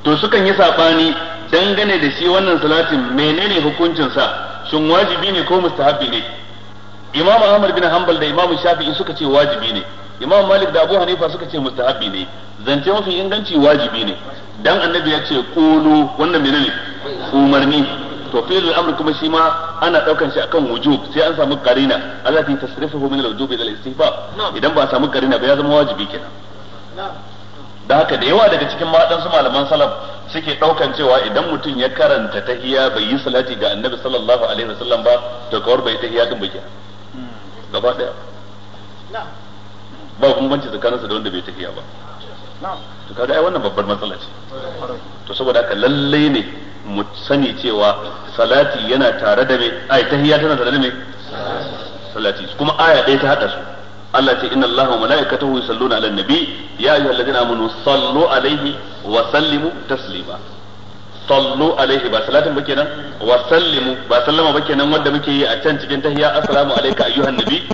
Speaker 1: to sukan yi sabani dangane da shi wannan salatin menene hukuncin sa shin wajibi ne ko mustahabi ne imam ahmad bin hanbal da imam shafi'i suka ce wajibi ne imam malik da abu hanifa suka ce mustahab'i ne zance mafi inganci wajibi ne dan annabi ya ce kolo wannan menene umarni to fi'lul amr kuma shi ma ana daukan shi akan wujub sai an samu qarina allati tasrifuhu min al-wujub ila al-istihbab idan ba a samu garina ba ya zama wajibi kenan da haka da yawa daga cikin maɗansu malaman salaf suke ɗaukan cewa idan mutum ya karanta tahiya bai yi salati ga annabi sallallahu alaihi wasallam ba to kawar bai tahiya din ba kenan gaba daya ba bambanci tsakaninsa da wanda bai tafiya ba to kaga ai wannan babbar matsala ce to saboda haka lalle ne mu sani cewa salati yana tare da me ai tahiyya tana tare da me salati kuma aya ɗaya ta hada su Allah ce inna Allaha wa malaikatahu yusalluna ala nabi ya ayyuhallazina amanu sallu alaihi wa sallimu taslima sallu alaihi ba salatin ba kenan wa sallimu ba sallama ba kenan wanda muke yi a can cikin tahiyya assalamu alayka ayyuhan nabi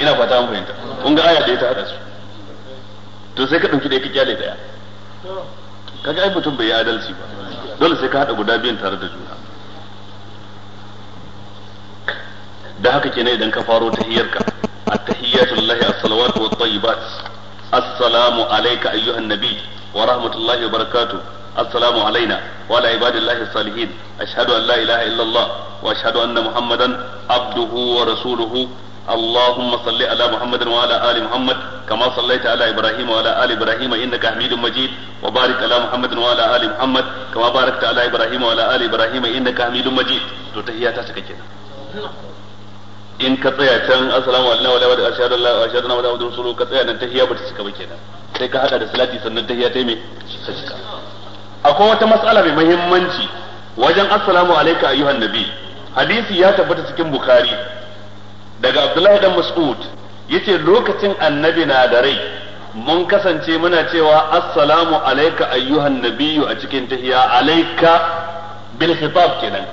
Speaker 1: ina fata an fahimta kun ga aya da ta hada su to sai ka dauki da ka kyale daya kaga ai mutum bai yi adalci ba dole sai ka hada guda biyun tare da juna da haka kenan idan ka faro tahiyyarka at-tahiyyatu lillahi as-salawatu wat-tayyibat assalamu alayka ayyuhan nabi wa rahmatullahi wa barakatuh السلام علينا وعلى عباد الله الصالحين أشهد أن لا إله إلا الله وأشهد أن محمدا عبده ورسوله اللهم صل على محمد وعلى آل محمد كما صليت على إبراهيم وعلى آل إبراهيم إنك حميد مجيد وبارك على محمد وعلى آل محمد كما باركت على إبراهيم وعلى آل إبراهيم إنك حميد مجيد تتهيات سكتنا in ka tsaya can assalamu alaikum wa rahmatullahi wa barakatuh ashhadu an la ilaha illallah wa ashhadu anna muhammadan rasulullah ka tsaya nan tahiyya ba ta cika ba kenan sai ka hada da salati sannan tahiya ta mai sajda akwai wata matsala mai muhimmanci wajen assalamu alayka ayyuhan nabi hadisi ya tabbata cikin bukhari daga abdullahi dan mas'ud yace lokacin annabi na da rai mun kasance muna cewa assalamu alayka ayyuhan nabiyyu a cikin tahiya alayka bil khitab kenan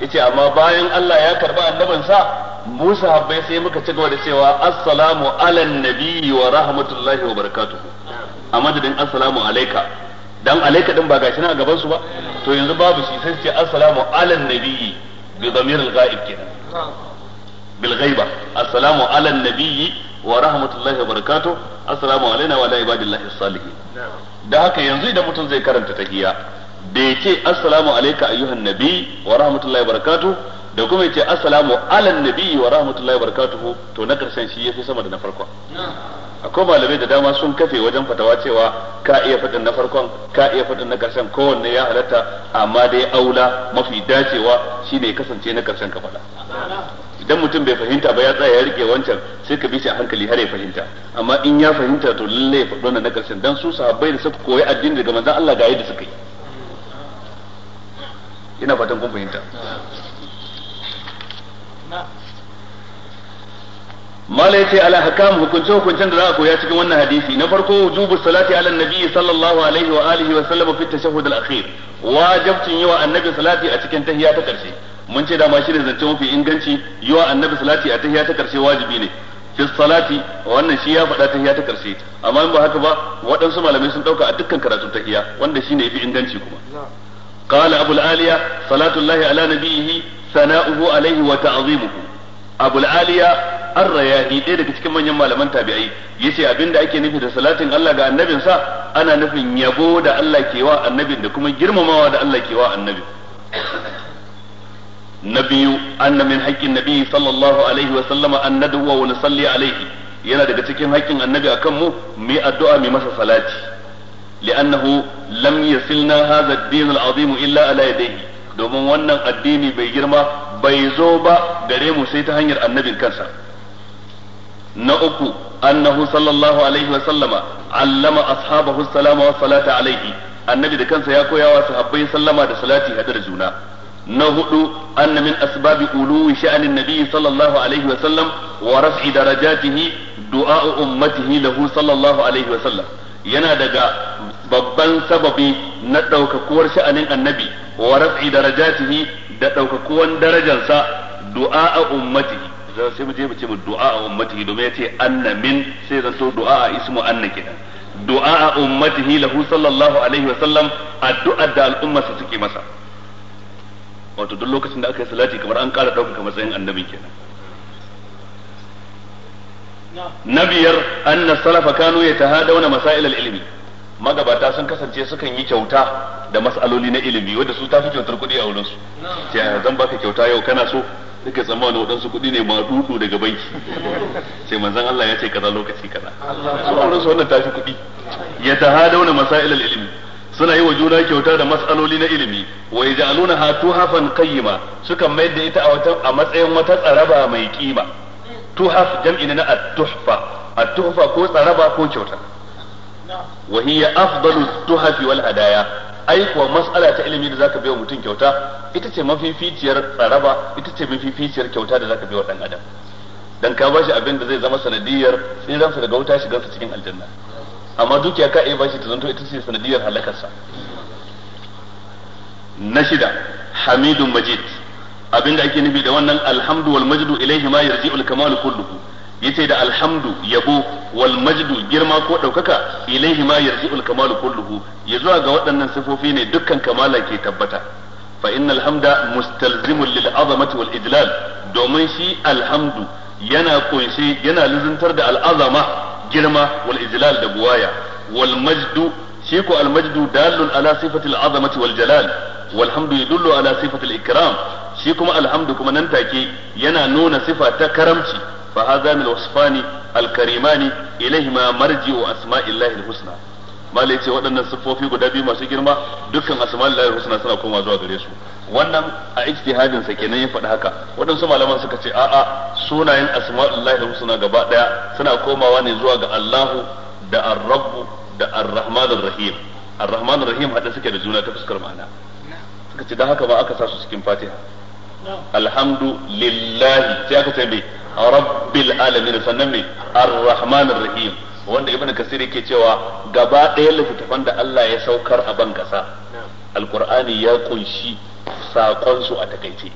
Speaker 1: yace amma bayan Allah ya karba sa mu sahabbai sai muka ci gaba da cewa assalamu alan nabiyyi wa rahmatullahi wa barakatuhu a madadin assalamu alaika dan alaika din ba gashi na gaban su ba to yanzu babu shi sai ce assalamu ala nabiyyi bi dhamir al ghaib kenan bil ghaiba assalamu ala nabiyyi wa rahmatullahi wa barakatuh assalamu alaina wa ala ibadillahi salihin da haka yanzu idan mutum zai karanta tahiyya ya ce assalamu alaika ayyuhan nabi wa rahmatullahi wa barakatuh da kuma yace assalamu ala nabiyyi wa rahmatullahi wa barakatuhu to na karshen shi yafi sama da na farkon akwai malamai da dama sun kafe wajen fatawa cewa ka iya fadin na farkon ka iya fadin na karshen kowanne ya halatta amma dai aula mafi dacewa shine ya kasance na karshen ka faɗa idan mutum bai fahimta ba ya tsaya ya rike wancan sai ka bi shi a hankali har ya fahimta amma in ya fahimta to lalle ya faɗo na karshen dan su sahabbai da suka koyi addini daga manzon Allah ga yadda suka yi ina fatan kun fahimta mala yace ala hakam hukunce hukuncen da za a koya cikin wannan hadisi na farko wujubu salati ala nabi sallallahu alaihi wa alihi wa sallam fi tashahhud al-akhir wajibcin yi wa annabi salati a cikin tahiyya ta karshe mun ce da ma shi ne zance mafi inganci yi wa annabi salati a tahiyya ta karshe wajibi ne fi salati wannan shi ya faɗa tahiyya ta karshe amma in ba haka ba waɗansu malamai sun ɗauka a dukkan karatun tahiyya wanda shine yafi inganci kuma قال abu'l العالية صلاة الله sana'uhu alaihi wa ta'zimuhu abul aliya ar-rayahi ɗaya daga cikin manyan malaman tabi'ai yace abinda ake nufi da salatin Allah ga annabinsa ana nufin yabo da Allah ke wa annabin da kuma girmamawa da Allah ke wa annabi nabiyu anna min haqqin nabiy sallallahu alaihi wa sallama an nadwa wa nusalli alaihi yana daga cikin haƙƙin annabi akan mu mai addu'a mai masa salati li'annahu lam yasilna hadha ad-din al-azim illa ala yadayhi domin wannan addini bai girma bai zo ba gare mu sai ta hanyar annabin kansa na uku annahu sallallahu alaihi wa sallama allama ashabahu salama wa salata alaihi annabi da kansa ya koya wa sahabbai sallama da salati hada da juna na hudu anna min asbabi uluwi sha'anin nabi sallallahu alaihi wa sallam wa raf'i darajatihi du'a ummatihi lahu sallallahu alaihi wa sallam yana daga babban sababi na ɗaukakuwar sha'anin annabi wa raf'i darajatihi da ɗaukakuwan darajarsa du'a a ummatihi zai sai mu je mu ce mu du'a a ummatihi domin yace anna min sai zan so du'a a ismu anna kenan du'a a ummatihi lahu sallallahu alaihi wa sallam addu'a da al'ummarsa suke masa wato duk lokacin da aka yi salati kamar an ƙara ɗaukaka matsayin annabin kenan na biyar an na salafa Kano ya kanu yatahadawna masailal ilimi. magabata sun kasance sukan yi kyauta da masaloli na ilimi wanda su tafi kyautar kuɗi a wurinsu sai zan baka kyauta yau kana so nake tsammanin waɗansu kuɗi ne ma dudu daga banki sai manzan Allah ya ce kaza lokaci kaza su auren su wannan tafi kuɗi ya ta wani masailal ilimi. suna yi wa juna kyauta da mas'aloli na ilimi Wai wa nuna ha tuhafan kayyima sukan mayar da ita a matsayin wata tsaraba mai kima tuhaf jam'i na a tuhfa at-tuhfa ko tsaraba ko kyauta wa hiya afdalu tuhafi wal hadaya ai kuwa mas'ala ta ilimi da zaka wa mutum kyauta ita ce mafificiyar tsaraba ita ce mafificiyar kyauta da zaka baiwa dan adam dan ka bashi abin zai zama sanadiyar tsiransa daga wuta shigarsa cikin aljanna amma dukiya ka iya bashi ta zanto ita ce sanadiyar halakarsa na shida hamidu majid abinda ake nufi da wannan alhamdu wal majdu ilaihi ma yarji'ul kamalu kulluhu yace da alhamdu yabo wal majdu girma ko daukaka ilaihi ma yarji'ul kamalu kulluhu zuwa ga waɗannan sifofi ne dukkan kamala ke tabbata fa innal hamda mustalzimun lil azamati wal idlal domin shi alhamdu yana kunshe yana luzuntar da al'azama girma wal idlal da buwaya wal majdu shi ko al majdu dalun ala sifati al azamati wal jalal wal hamdu yadullu ala sifati al ikram shi kuma alhamdu kuma nan take yana nuna sifa ta karamci fa hadhan al-wasfani al-karimani ilayhima marji'u asma'illahi al-husna malai ce waɗannan siffofi guda biyu masu girma dukkan asma'illahi na husna suna koma zuwa gare su wannan a ijtihadin sa kenan ya faɗi haka waɗansu malaman suka ce a'a sunayen asma'illahi al-husna gaba daya suna komawa ne zuwa ga Allahu da ar-rabb da ar-rahman rahim ar-rahman rahim hada suke da juna ta fuskar ma'ana suka ce dan haka ba aka sa su cikin Fatiha alhamdu lillahi sai aka ce rabbil alamin sannan me arrahmanir rahim wanda ibnu kasir yake cewa gaba ɗaya littattafan da Allah ya saukar a ban kasa alqur'ani ya kunshi sakon su a takaice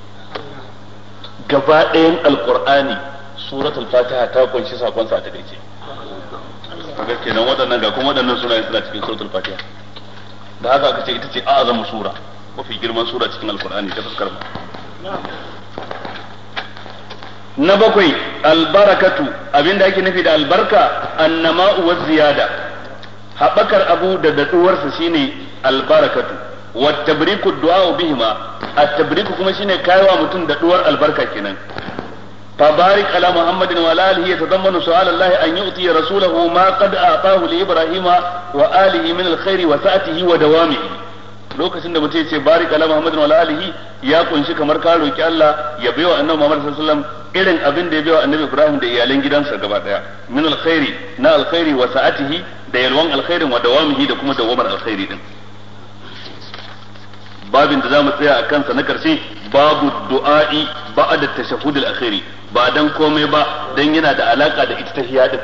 Speaker 1: gaba ɗayan alqur'ani suratul fatiha ta kunshi sakon su a takaice kaga kenan waɗannan ga kuma waɗannan sunayen suna cikin suratul fatiha da haka aka ce ita ce a'azamu sura mafi girman sura cikin alqur'ani ta fuskar mu na bakwai albarakatu abinda ake nufi da albarka annama'u wa ziyada haɓakar abu da daɗuwarsa shine albarakatu wa tabriku du'a bihima a tabriku kuma shine kaiwa mutum daɗuwar albarka kenan فبارك على محمد وعلى آله يتضمن سؤال الله أن يؤتي رسوله ما قد أعطاه لإبراهيم وآله من الخير wa ودوامه lokacin da mutum ya ce barik ala muhammadin wala alihi ya kunshi kamar ka roki Allah ya baiwa annabi Muhammad sallallahu alaihi wasallam irin abin da ya wa annabi Ibrahim da iyalan gidansa gaba daya min alkhairi na alkhairi wa sa'atihi da yalwan alkhairin wa dawamihi da kuma dawamar alkhairi din babin da zamu tsaya a kansa na karshe babu du'a'i ba'da tashahhud alakhiri ba dan komai ba dan yana da alaka da ita tahiya din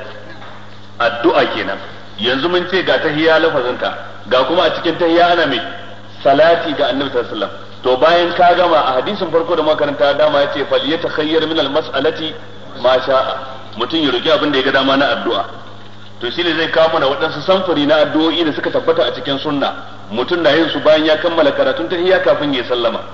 Speaker 1: addu'a kenan yanzu mun ce ga tahiya lafazanta ga kuma a cikin tahiya ana mai salati ga annabi sallallahu alaihi wasallam to bayan ka gama a hadisin farko da makaranta dama ya ce fal ya takhayyar min al mas'alati ma sha'a mutum ya roki abin da ya ga dama na addu'a to shi ne zai kawo mana waɗansu samfuri na addu'o'i da suka tabbata a cikin sunna mutum na yin su bayan ya kammala karatun tahiya kafin ya sallama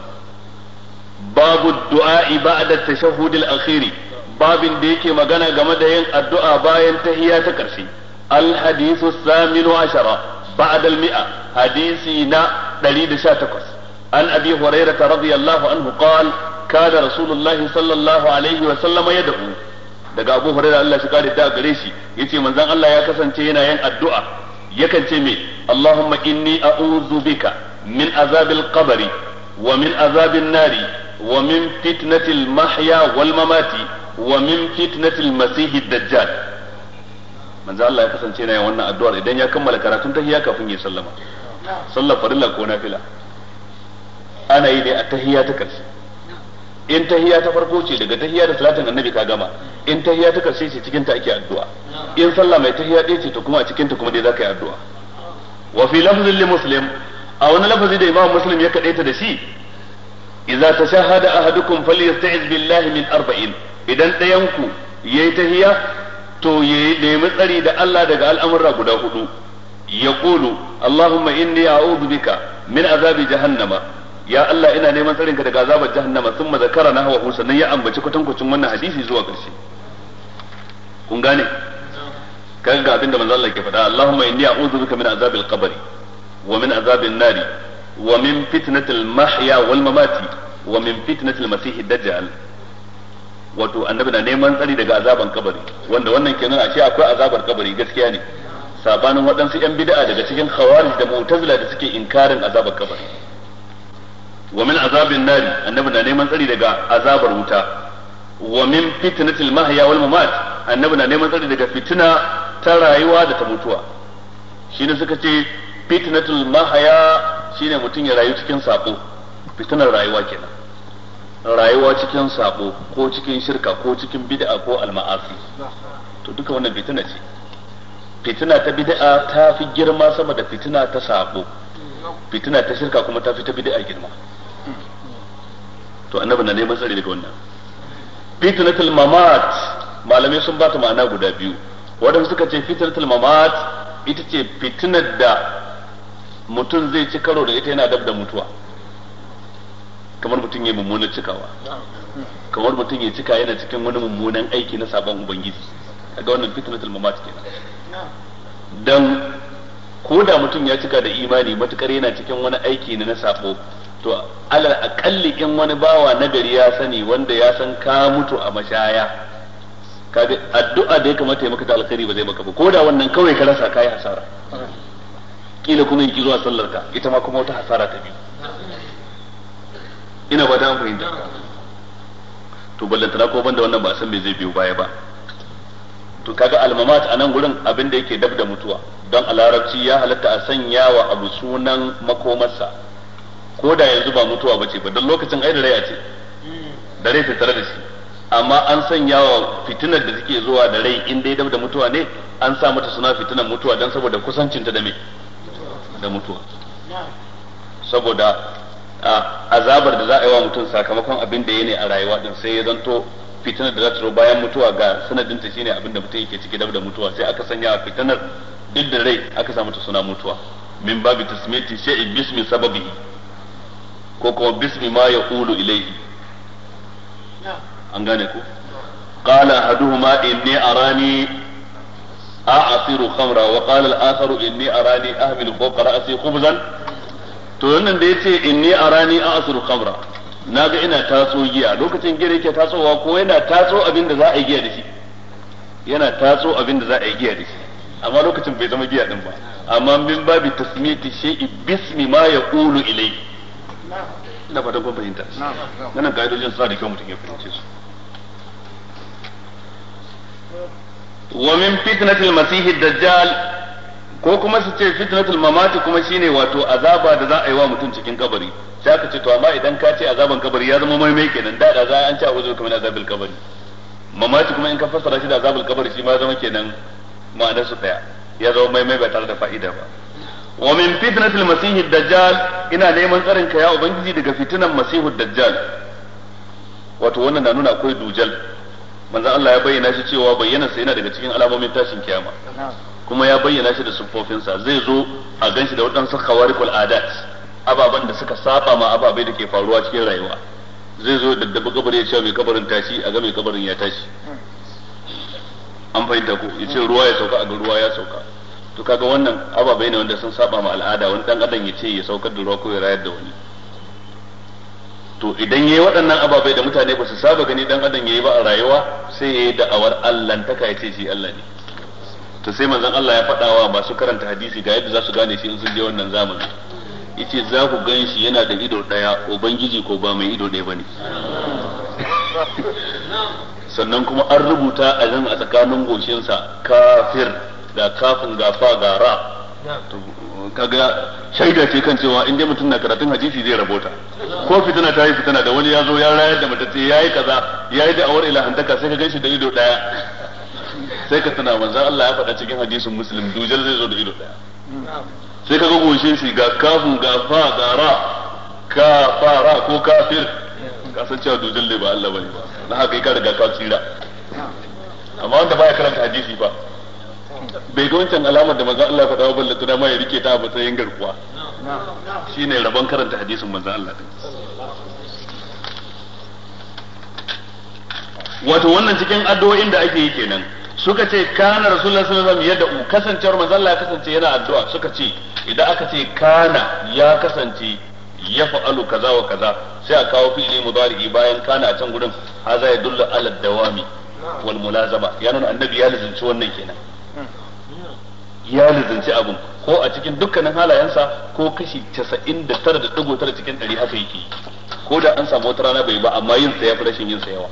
Speaker 1: babu du'a'i ibada tashahhud al akhiri babin da yake magana game da yin addu'a bayan tahiya ta karshe al hadithu saminu ashara ba'da mi'a hadisi na 118 عن أبي هريرة رضي الله عنه قال كان رسول الله صلى الله عليه وسلم يدعو daga Abu Hurairah Allah shi kare da gare shi yace manzon Allah ya kasance yana yin addu'a yakan ce me Allahumma inni a'udhu bika min azabil kabari wa min azabin nari wa min fitnatil mahya wal mamati wa min fitnatil masihid dajjal manzo Allah ya kasance yana wannan addu'ar idan ya kammala karatun tahiyya kafin ya sallama ko nafila ana yi ne a tahiyya ta ƙarshe in tahiyya ta farko ce daga tahiyya da salatin annabi ka gama in tahiyya ta ƙarshe ce cikin ta ake addu'a in sallah mai tahiyya ɗaya ce to kuma a cikin ta kuma dai zaka yi addu'a wa fi lafzin li muslim a wani lafazi da imam muslim ya kadaita da shi idza tashahada ahadukum falyasta'iz billahi min arba'in idan ɗayan ku yayi tahiyya to ya nemi tsari da Allah daga al'amurra guda hudu ya ƙulu Allahumma inni a'udhu bika min azabi jahannama ya Allah ina neman tsarin ka daga azabar jahannama sun mazakara na hawa sannan ya ambaci kwatankwacin wannan hadisi zuwa ƙarshe kun gane ka ga abinda manzo Allah ke faɗa Allahumma inni a'udhu bika min azabil qabri wa min azabin nari wa min fitnatil mahya wal mamati wa min fitnatil masihid dajjal wato annabi na neman tsari daga azaban kabari wanda wannan kenan a ce akwai azabar kabari gaskiya ne sabanin waɗansu yan bid'a daga cikin khawarij da mu'tazila da suke inkarin azabar kabari wa min azabin nari annabi na neman tsari daga azabar wuta wa min fitnatil mahya wal mamat annabi na neman tsari daga fitina ta rayuwa da ta mutuwa Shi ne suka ce fitina fitnatul shi ne mutum ya rayu cikin saƙo. fitinar rayuwa kenan rayuwa cikin saƙo ko cikin shirka ko cikin bid'a ko alma'asi to duka wannan fitina ce fitina ta bid'a ta fi girma sama da fitina ta saƙo. fitina ta shirka kuma ta fi ta bid'a girma to annabi na neman tsari daga wannan fitnatul mamat malamai sun ba ta ma'ana guda biyu wadanda suka ce fitnatul mamat ita ce fitnar da mutum zai ci karo da ita yana dab da mutuwa kamar mutum ya mummunan cikawa kamar mutum ya cika yana cikin wani mummunan aiki na sabon ubangiji kaga wannan fitnatul mamat kenan dan ko da mutum ya cika da imani matukar yana cikin wani aiki na sabo to alal akalli in wani bawa nagari ya sani wanda ya san ka mutu a mashaya kaga addu'a da ya kamata ya maka ta alkhairi ba zai maka ba koda wannan kawai ka rasa kai hasara kila kuma yake zuwa sallar ka ita ma kuma wata hasara ta biyu ina ba ta fahimta to ballantana ko banda wannan ba a san me zai biyo baya ba to kaga almamat a nan gurin abin da yake dab da mutuwa don a larabci ya halatta a sanya wa abu sunan makomarsa ko da yanzu ba mutuwa ba ce ba don lokacin ai da rai a ce da rai tattare da shi amma an sanya wa fitinar da take zuwa da rai in dai da mutuwa ne an sa mata suna fitinar mutuwa don saboda kusancinta da me da mutuwa saboda azabar da za a yi wa mutum sakamakon abin da ya ne a rayuwa din sai ya zanto fitinar da za ta zo bayan mutuwa ga sanadinta shine abin da mutum yake ciki da da mutuwa sai aka sanya fitinar duk da rai aka sa mata suna mutuwa min babu tasmiyati shay'in bismi sababihi ko kuma bismi ma ya ulu ilaihi an gane ku qala ahaduhuma inni arani a'asiru khamra wa qala al-akharu inni arani ahmilu fawqa ra'si khubzan to wannan da yace inni arani a'asiru khamra ga ina taso giya lokacin giya yake tasowa ko yana taso abin da za a yi giya da shi yana taso abin da za a yi giya da shi amma lokacin bai zama giya din ba amma min babi tasmiyati shay'i bismi ma yaqulu ilayhi ina fatan kun fahimta wannan ka'idojin suna da kyau mutum ya fahimce su wa min fitnatil masihi dajjal ko kuma su ce fitnatul mamati kuma shine wato azaba da za a yi wa mutum cikin kabari sai aka ce to amma idan ka ce azaban kabari ya zama mai mai kenan da da za an ci a wajen kamar azabil kabari mamati kuma in ka fassara shi da azabil kabari shi ma zama kenan ma'anar su daya ya zama mai mai ba tare da fa'ida ba wa min fitnatil masihid dajjal ina neman tsarin ka ya ubangiji daga fitinan masihud dajjal wato wannan na nuna akwai dujal manzon Allah ya bayyana shi cewa bayyanarsa yana daga cikin alamomin tashin kiyama kuma ya bayyana shi da siffofinsa zai zo a ganshi da waɗansu khawarikul adat ababen da suka saba ma ababai da ke faruwa cikin rayuwa zai zo da dabba kabarin ya ce mai kabarin tashi a ga mai kabarin ya tashi an fahimta ko ya ce ruwa ya sauka a ga ruwa ya sauka to kaga wannan ababai ne wanda sun saba ma al'ada wani dan adam ya ce ya saukar da ruwa ko ya rayar da wani to idan yayi waɗannan ababai da mutane ba su saba gani dan adam yayi ba a rayuwa sai yayi da'awar allantaka ya ce shi Allah ne to sai manzon Allah ya faɗa wa masu karanta hadisi ga yadda za su gane shi in sun je wannan zamani yace za ku gan shi yana da ido ɗaya ubangiji ko ba mai ido ɗaya bane sannan kuma an rubuta a nan a tsakanin goshinsa kafir ga kafin ga fa ga ra kaga shaida ce kan cewa in dai mutum na karatun hadisi zai rabota ko fitana ta yi fitana da wani ya zo ya rayar da matatse ya yi kaza ya yi da'awar ilahantaka sai ka shi da ido daya sai ka tana manzan Allah ya faɗa cikin hadisin musulun dujal zai zo da ido
Speaker 2: daya
Speaker 1: sai ka ga goshin shi ga kafin ga fa ga ra ka fara ko kafir ka san cewa dujal ne ba Allah bane na haka ka riga ka tsira amma wanda baya karanta hadisi ba bai ga wancan alamar da manzon Allah faɗa ba lantana ma ya rike ta a matsayin garkuwa shine rabon karanta hadisin manzon Allah din wato wannan cikin addu'o'in da ake yi kenan suka ce kana rasulullahi sallallahu alaihi wasallam yadda kasancewar manzon Allah ya kasance yana addu'a suka ce idan aka ce kana ya kasance ya fa'alu kaza wa kaza sai a kawo fi'ili mudari bayan kana a can gurin haza ya dulla ala dawami wal mulazama ya nuna annabi ya lazimci wannan kenan ya lizanci abin ko a cikin dukkanin halayensa ko kashi 99.9 cikin ɗari haka yake ko da an samu wata rana bai ba amma yin sa fi rashin yin sa yawa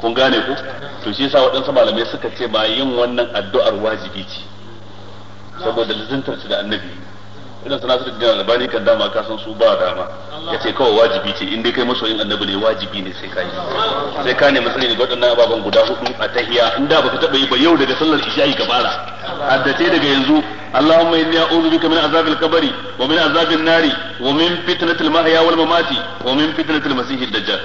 Speaker 1: kun gane ku to shi yasa waɗansu malamai suka ce ba yin wannan addu'ar wajibi ce saboda lizintar da annabi irin sana su da albani kan dama ka san su ba dama ya ce kawai wajibi ce in dai kai masoyin annabi ne wajibi ne sai ka yi sai ka nemi sani ga waɗannan ababen guda hudu a tahiya in da ba baka taɓa yi ba yau daga sallar isha'i ka fara haddace daga yanzu اللهم إني أعوذ بك من عذاب القبر ومن عذاب النار ومن فتنة المحيا والممات ومن فتنة المسيح الدجال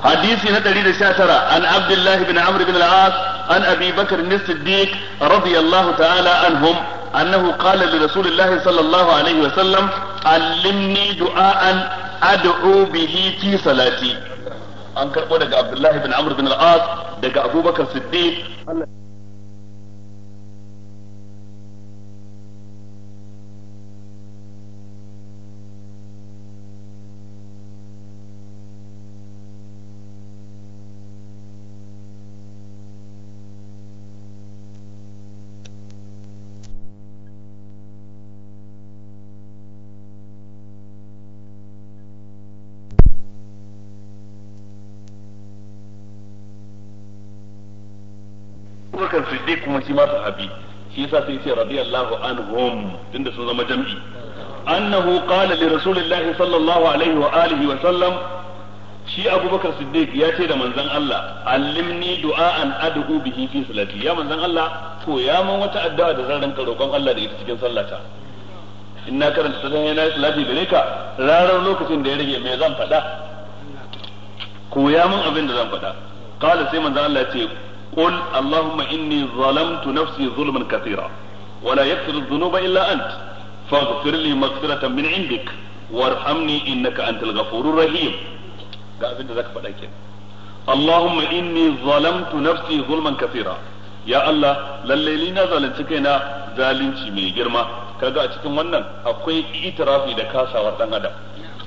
Speaker 1: hadisi na 119 an abdullah ibn amr ibn al-as an abi bakr ibn siddiq radiyallahu ta'ala anhum annahu qala li rasulillah sallallahu alaihi wa sallam allimni du'aan ad'u bihi fi salati an karbo daga abdullah ibn amr ibn al-as daga abubakar Abubakar Siddiq kuma shi ma sahabi shi yasa sai ce radiyallahu anhum tunda sun zama jam'i annahu qala li rasulillahi sallallahu alaihi wa alihi wa sallam shi Abubakar Siddiq ya ce da manzon Allah allimni du'aan ad'u bihi fi salati ya manzon Allah ko ya man wata addu'a da zan ranka roƙon Allah da ita cikin sallata in na karanta ta yana salati gare ranar lokacin da ya rage me zan faɗa koya min abin da zan faɗa qala sai manzon Allah ya ce قل اللهم إني ظلمت نفسي ظلما كثيرا ولا يغفر الذنوب إلا أنت فاغفر لي مغفرة من عندك وارحمني إنك أنت الغفور الرحيم قابل ذاك فلاكين اللهم إني ظلمت نفسي ظلما كثيرا يا الله للي na zalunci kaina zalunci mai girma kaga a cikin wannan akwai itirafi da kasawar dan adam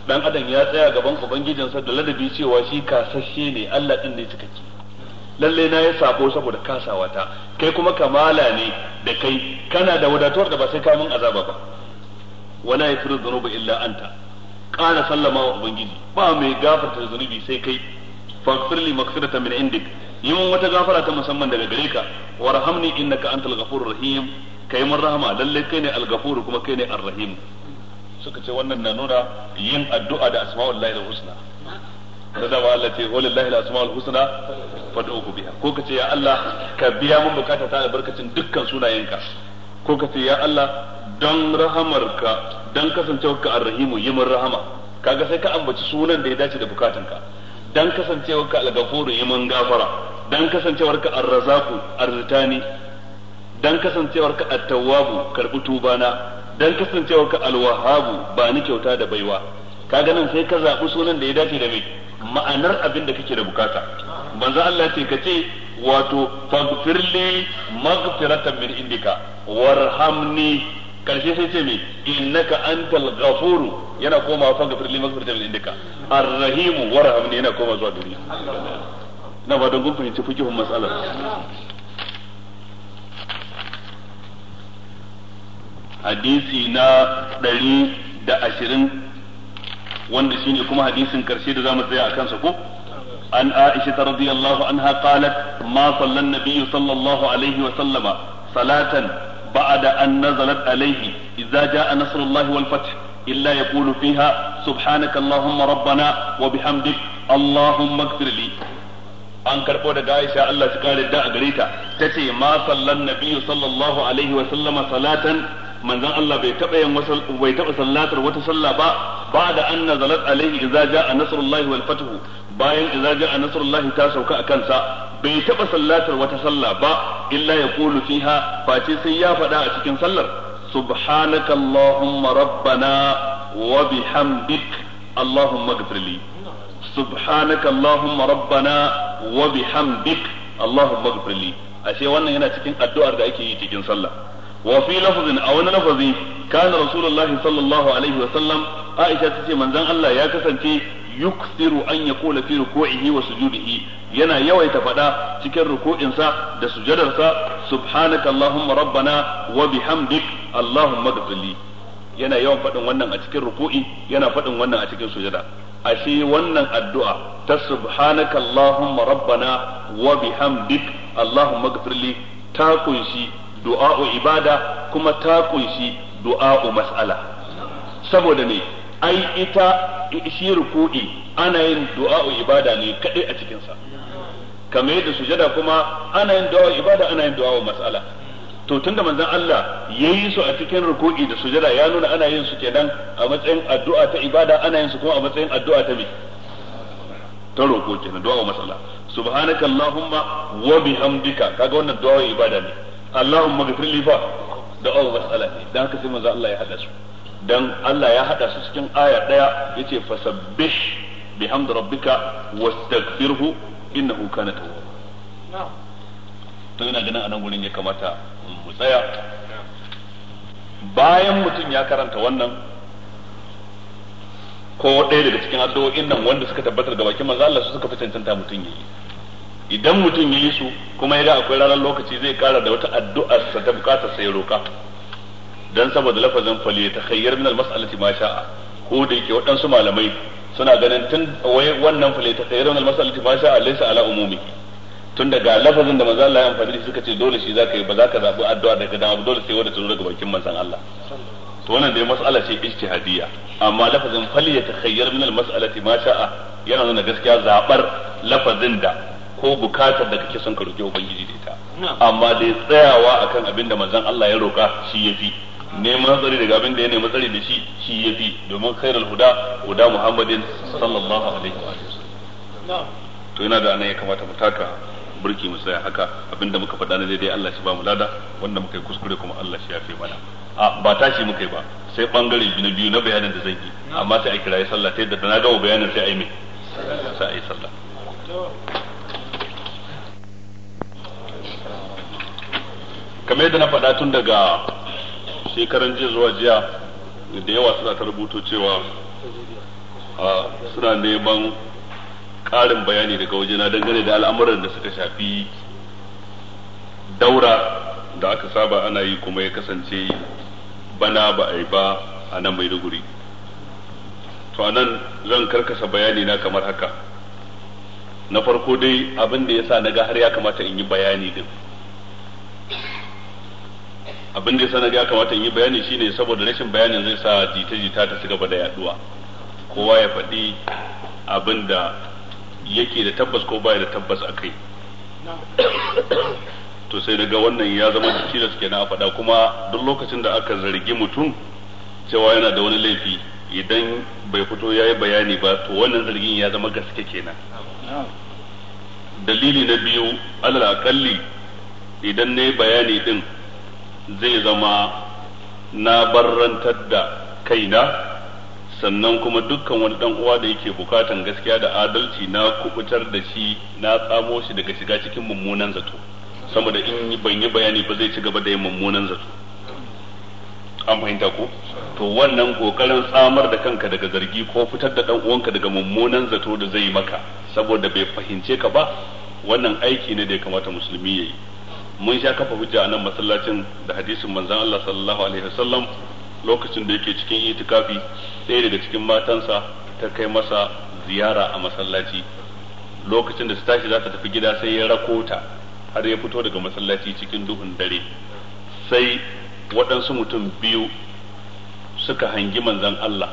Speaker 1: dan adam ya tsaya gaban ubangijinsa da ladabi cewa shi kasashe ne Allah din ne cikakke lalle na ya sabo saboda kasawa ta kai kuma kamala ne da kai kana da wadatuwar da ba sai mun azaba ba wala yafiru dhunuba illa anta qala sallama wa ubangiji ba mai gafarta zunubi sai kai faghfir li maghfiratan min indik yi mun wata gafara ta musamman daga gare ka warhamni innaka antal ghafurur rahim kai mun rahama lalle kai ne al-ghafur kuma kai ne ar-rahim suka ce wannan na nuna yin addu'a da asma'ullahi al-husna da dama Allah ce walillahi al-asmaul husna fad'uhu biha ko kace ya Allah ka biya mun bukata ta albarkacin dukkan sunayenka ko kace ya Allah don rahamarka don kasancewarka arrahimu yi mun rahama kaga sai ka ambaci sunan da ya dace da bukatunka dan kasancewarka al-ghafuru yi mun gafara dan kasancewarka ar-razzaqu arzitani dan kasancewarka at-tawwabu karbi tubana dan kasancewarka al-wahhabu ba ni kyauta da baiwa kaga nan sai ka zabi sunan da ya dace da mai ma'anar abin da kake da bukata manzo Allah ce kace wato faghfirli maghfiratan min indika warhamni karshe sai ce me innaka antal ghafur yana koma faghfirli maghfiratan min indika arrahim warhamni yana koma zuwa gari na ba don kun fahimci fikihun matsalar hadisi na ɗari wanda shine kuma hadisin karshe da zamu tsaya a kansa ko an Aisha radiyallahu anha qalat ma sallan nabiyyu sallallahu alaihi wa sallama salatan ba'da an nazalat alaihi idza jaa nasrullahi wal fath illa yaqulu fiha subhanaka allahumma rabbana wa bihamdik allahumma ighfir an karɓo daga Aisha Allah ta kare da a gare ta tace ma sallan nabiyyu sallallahu alaihi wa sallama salatan manzon Allah bai taba yin bai taba sallatar wata sallah ba ba'da an nazalat alaihi idza jaa nasrullahi wal fath bayan idza jaa nasrullahi ta sauka a sa bai taba sallatar wata sallah ba illa yaqulu fiha face sai ya faɗa a cikin sallar subhanaka allahumma rabbana wa bihamdik allahumma ighfirli subhanaka allahumma rabbana wa bihamdik allahumma ighfirli ashe wannan yana cikin addu'ar da ake yi cikin sallah wa fi lafzin a wani lafazi kana rasulullahi sallallahu alaihi wa sallam aisha tace manzon Allah ya kasance yuksiru an yaqula fi yi wa sujudihi yana yawaita faɗa cikin ruku'insa da sujadarsa subhanaka allahumma rabbana wa bihamdik allahumma ghfirli yana yawan faɗin wannan a cikin ruku'i yana faɗin wannan a cikin sujada ashe wannan addu'a ta subhanaka allahumma rabbana wa bihamdik allahumma ghfirli ta kunshi du'a'u ibada kuma ta kunshi du'a'u mas'ala saboda ne ai ita shi ruku'i ana yin du'a'u ibada ne kadai a cikin sa kamar yadda sujada kuma ana yin du'a'u ibada ana yin du'a'u mas'ala to tunda manzon Allah yayi su a cikin ruku'i da sujada ya nuna ana yin su kenan a matsayin addu'a ta ibada ana yin su kuma a matsayin addu'a ta bi ta roko kenan du'a'u mas'ala subhanakallahumma wa bihamdika kaga wannan du'a'u ibada ne Allahun ghfir li da aw mas'ala ne don haka sai maza Allah ya haɗa su don Allah ya haɗa su cikin aya ɗaya ya ce fasabbish bi hamdu rabbika wastaghfirhu innahu kana
Speaker 2: tawwab
Speaker 1: to ina ganin anan gurin ya kamata mu tsaya bayan mutum ya karanta wannan ko ɗaya daga cikin addu'o'in nan wanda suka tabbatar da bakin manzo Allah su suka fi cancanta mutum yayi idan mutum ya yi su kuma ya ga akwai ranar lokaci zai kara da wata addu'ar sa ta bukatar sai roka dan saboda lafazin fali ta khayyar min al-mas'alati ma sha'a ko da yake waɗansu malamai suna ganin tun wai wannan fali ta khayyar min al-mas'alati ma sha'a laysa ala umumi tun daga lafazin da manzo Allah ya amfani da suka ce dole shi zaka yi ba zaka zabi addu'a daga dan dole sai wanda ta daga bakin manzon Allah to wannan dai mas'ala ce ijtihadiyya amma lafazin fali ta khayyar min al-mas'alati ma sha'a yana nuna gaskiya zabar lafazin da ko bukatar da kake son ka roƙi ubangiji da
Speaker 2: ita amma dai tsayawa
Speaker 1: akan abin da manzon Allah ya roka shi yafi neman tsari daga abin da ya nemi tsari da shi shi yafi domin khairul huda huda muhammadin sallallahu alaihi wa to yana da anan ya kamata mu taka burki mu tsaya haka abinda muka faɗa na daidai Allah shi ba mu lada wanda muka yi kuskure kuma Allah shi ya fi mana a ba tashi muka yi ba sai bangare na biyu na bayanin da zan yi amma sai a kirayi sallah ta yadda da na gama bayanin sai a yi mai sai a yi sallah kamar yadda na faɗa tun daga shekaran jiya zuwa jiya da yawa suna ta rubuto cewa suna neman ƙarin bayani daga wajena dangane da al'amuran da suka shafi daura da aka saba ana yi kuma ya kasance bana ba a yi ba a nan maiduguri to a nan zan karkasa bayani na kamar haka na farko dai abin da ya sa na ga har ya kamata in yi bayani din abin da ya sanar ya kamata yi bayani shine saboda rashin bayanin zai sa jita-jita ta ci gaba da yaduwa kowa ya faɗi abin da yake da tabbas ko baya da tabbas a kai to sai daga wannan ya zama tilas ke na faɗa kuma duk lokacin da aka zargi mutum cewa yana da wani laifi idan bai fito ya yi bayani ba to wannan zargin ya zama gaske kenan dalili na biyu alal akalli idan na yi bayani din zai zama na barrantar da kaina sannan kuma dukkan wani dan uwa da yake bukatan gaskiya da adalci na kubutar da shi na tsamo shi daga shiga cikin mummunan zato saboda in ban yi bayani ba zai ci gaba da yin mummunan zato an fahimta ko to wannan kokarin tsamar da kanka daga zargi ko fitar da dan uwanka daga mummunan zato da zai maka saboda bai fahimce ka ba wannan aiki ne da ya kamata musulmi ya yi mun sha kafa hujja a nan masallacin da hadisin manzon Allah sallallahu alaihi wasallam lokacin da yake cikin itikafi ɗaya daga cikin matansa ta kai masa ziyara a masallaci lokacin da su tashi za ta tafi gida sai ya rakota har ya fito daga masallaci cikin duhun dare sai waɗansu mutum biyu suka hangi manzan Allah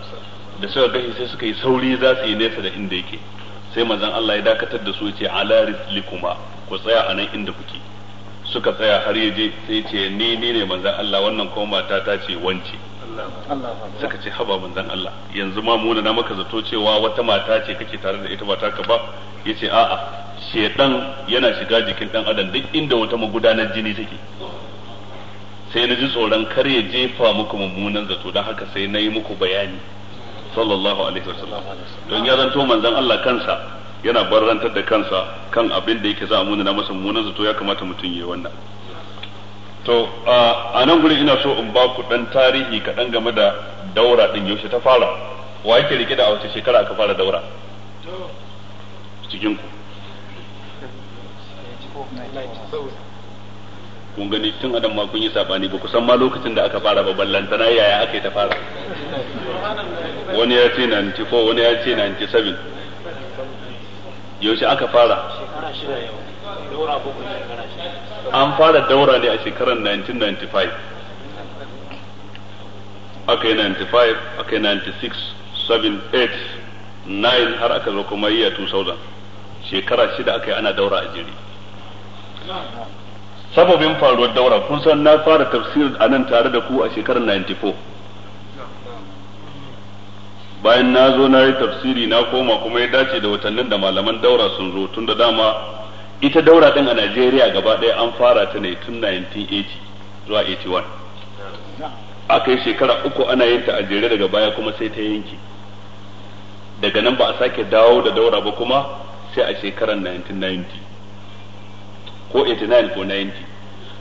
Speaker 1: da suka gashi sai suka yi sauri za su yi nesa da inda yake sai manzan Allah ya dakatar da su ya ce ala kuma ku tsaya a nan inda kuke suka tsaya har ya je sai ce ni ni ne manzan Allah wannan kuma mata ta ce wance suka ce haba manzan Allah yanzu ma muna na maka zato cewa wata mata ce kake tare da ita ba ka ba ya ce a'a shedan yana shiga jikin dan adam duk inda wata magudanar jini take sai na ji tsoron kar ya jefa muku mummunan zato don haka sai na yi muku bayani sallallahu alaihi wasallam don ya zanto manzan Allah kansa yana barantar da kansa kan abin da yake za a na masa munan zato ya kamata mutum ya wannan to a nan gurin ina so in ba ku dan tarihi kaɗan game da daura din yaushe ta fara wa yake rike da a wace shekara aka fara daura cikin ku kun gani tun adam ma kun yi sabani ba kusan ma lokacin da aka fara ba ballantana yaya aka yi ta fara wani ya ce 94 wani ya ce 97 yaushe aka fara
Speaker 2: an fara daura
Speaker 1: ne a shekarar 1995 aka yi 95 aka yi 96 7 8 9 har aka zo kuma yi a 2000 shekara shida aka yi ana daura a jiri sababin faruwar daura kun san na fara tafsir a nan tare da ku a shekarar 94 bayan na zo na yi tafsiri na koma kuma ya dace da watannin da malaman daura sun zo tun da dama ita daura din a Najeriya gaba ɗaya an fara ta ne tun 1980 zuwa 81 aka yi shekara uku ana yin ta a jere daga baya kuma sai ta yanke daga nan ba a sake dawo da daura ba kuma sai a shekarar 1990 ko 89 ko 90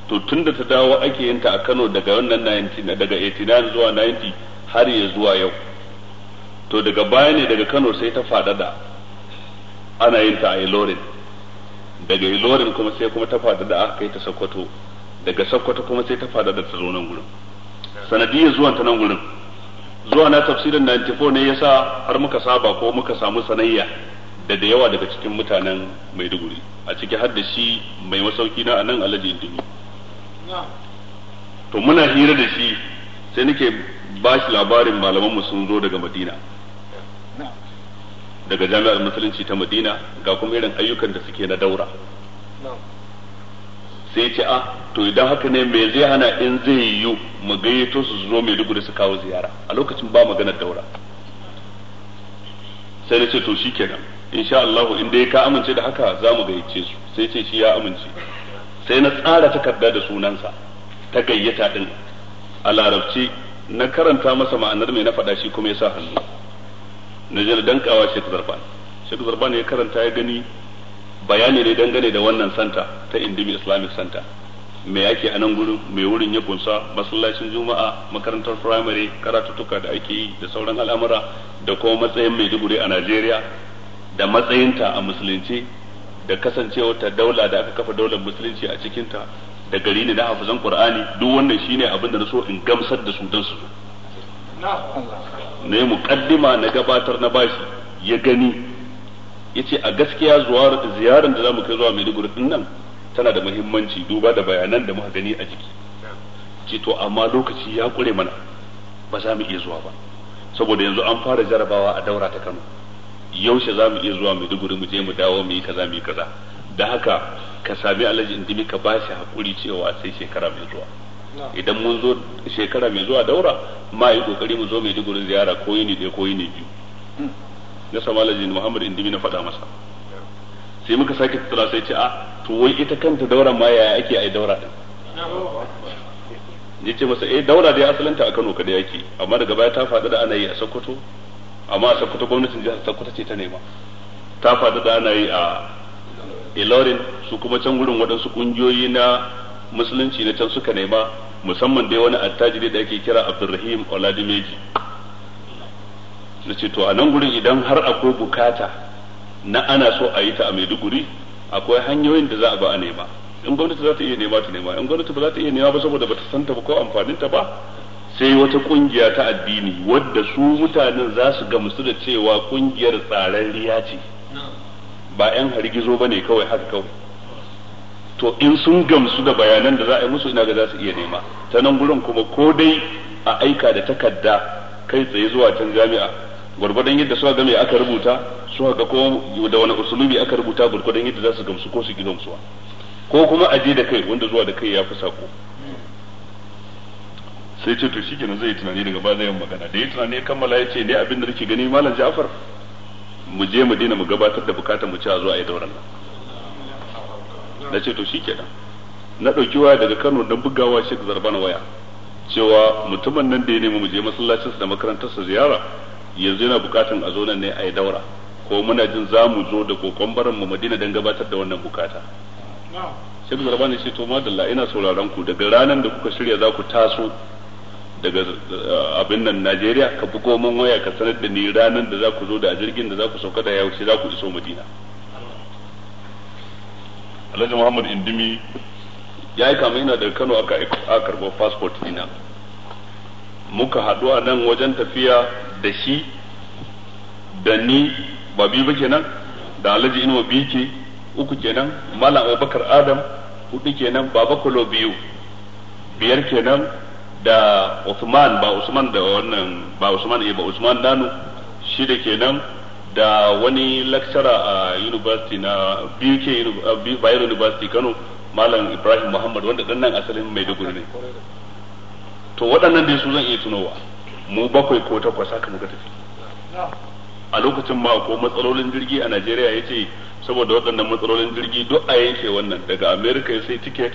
Speaker 1: to tun da ta dawo ake yin ta a Kano daga wannan 90 daga 89 zuwa 90 har ya zuwa yau to daga baya ne daga Kano sai ta faɗaɗa ana yin ta a Ilorin daga Ilorin kuma sai kuma ta faɗaɗa aka kai ta Sokoto daga Sokoto kuma sai ta faɗaɗa ta zo nan gurin sanadiyar zuwan ta nan gurin zuwa na tafsirin 94 ne yasa har muka saba ko muka samu sanayya da da yawa daga cikin mutanen Maiduguri a ciki har da shi mai masauki na anan Alhaji Indimi to muna hira da shi sai nake ba shi labarin malaman sun zo daga Madina daga jami'ar musulunci ta madina ga kuma irin ayyukan da suke na daura sai ce a ah, to idan haka ne me zai hana in zai yiwu mu gayyato su zo mai da su kawo ziyara a lokacin ba maganar daura sai na ce to shikenan insha Allah in dai ka amince da haka za mu gayyace su sai ce shi ya amince sai na tsara takarda da sunansa ta gayyata din a larabci na karanta masa ma'anar mai na faɗa shi kuma ya sa hannu na jira dankawa Sheikh Zarfan Sheikh Zarfan ya karanta ya gani bayani ne dangane da wannan santa ta Indimi Islamic santa me yake a nan gurin mai wurin ya kunsa masallacin juma'a makarantar firamare karatuttuka da ake yi da sauran al'amura da kuma matsayin Maiduguri a Najeriya da matsayinta a musulunci da kasancewar ta daula da aka kafa daular musulunci a cikinta da gari ne na hafizan Qur'ani duk wannan shine abin da na so in gamsar da su don su zo ne mukaddima na gabatar na bashi ya gani ya ce a gaskiya ziyarar da za mu kai zuwa Maiduguri din nan tana da muhimmanci duba da bayanan da muka gani a jiki ce to amma lokaci ya kure mana ba za mu iya zuwa ba saboda yanzu an fara jarabawa a daura ta Kano yaushe za mu iya zuwa Maiduguri mu je mu dawo mu yi kaza mu yi kaza da haka ka sami alhaji indimi ka ba shi hakuri cewa sai shekara mai zuwa idan mun zo shekara mai zuwa daura ma yi kokari mu zo mai dugurin ziyara ko yini ɗaya ko yini biyu na samalaji muhammad indimi na faɗa masa sai muka sake tattara sai ce a ah, to wai ita kanta daura ma yaya ake ai daura din ya ce masa eh daura dai asalinta a Kano kada yake amma daga baya ta faɗi da ana yi a Sokoto amma a Sokoto gwamnatin jihar Sokoto ce ta nema ta faɗi da ana yi a Ilorin su kuma can gurin waɗansu ƙungiyoyi na musulunci na can suka nema musamman dai wani attajiri da ake kira Abdulrahim Oladimeji nace to a nan gurin idan har akwai bukata na ana so a yi ta a Maiduguri akwai hanyoyin da za a ba a nema in gwamnati za ta iya nema ta nema in gwamnati ba za ta iya nema ba saboda ba ta san ta ba ko amfanin ta ba sai wata kungiya ta addini wadda su mutanen za su gamsu da cewa kungiyar tsararriya ce ba 'yan hargizo ba ne kawai haka kawai to in sun gamsu da bayanan da za a yi musu ina ga za su iya nema ta nan gurin kuma ko dai a aika da takarda kai tsaye zuwa can jami'a gwargwadon yadda suka ga me aka rubuta suka ga ko da wani usulubi aka rubuta gwargwadon yadda za su gamsu ko su ki gamsuwa ko kuma a je da kai wanda zuwa da kai ya fi sako sai ce to shikenan zai tunani daga baya zai magana da ya tunani ya kammala ya ce ne abin da nake gani malam Ja'far mu je mu daina mu gabatar da bukatar mu ci a zuwa a yi dauran nan na ce to shikenan na ɗauki waya daga Kano na bugawa Sheikh zarban waya cewa mutumin nan da ya nemi mu je masallacinsa da makarantarsa ziyara yanzu yana bukatan a zo nan ne a yi daura ko muna jin za mu zo da kokon barin mu Madina don gabatar da wannan bukata Sheikh ya ce to madalla ina sauraron ku daga ranar da kuka shirya za ku taso daga eh, abin nan Najeriya ka bugo min waya ka sanar da ni ranar da za ku zo da jirgin da za ku sauka da yaushe za ku iso Madina alhaji muhammad indimi ya yi kama ina daga kano aka karɓo fasfot ina muka haɗu a nan wajen tafiya da shi da ni ba biyu ba kenan da alhaji inuwa biyu ke uku kenan malam abubakar adam hudu kenan baba kulo biyu biyar kenan da usman ba usman da wannan ba usman eh, ba usman nanu shida kenan da wani lecturer a university na BK Bayero University Kano Malam Ibrahim Muhammad wanda dan nan asalin Maiduguri ne to waɗannan dai su zan iya tunowa mu bakwai ko takwas haka muka tafi a lokacin ma ko matsalolin jirgi a Najeriya yace saboda waɗannan matsalolin jirgi duk a yanke wannan daga America sai ticket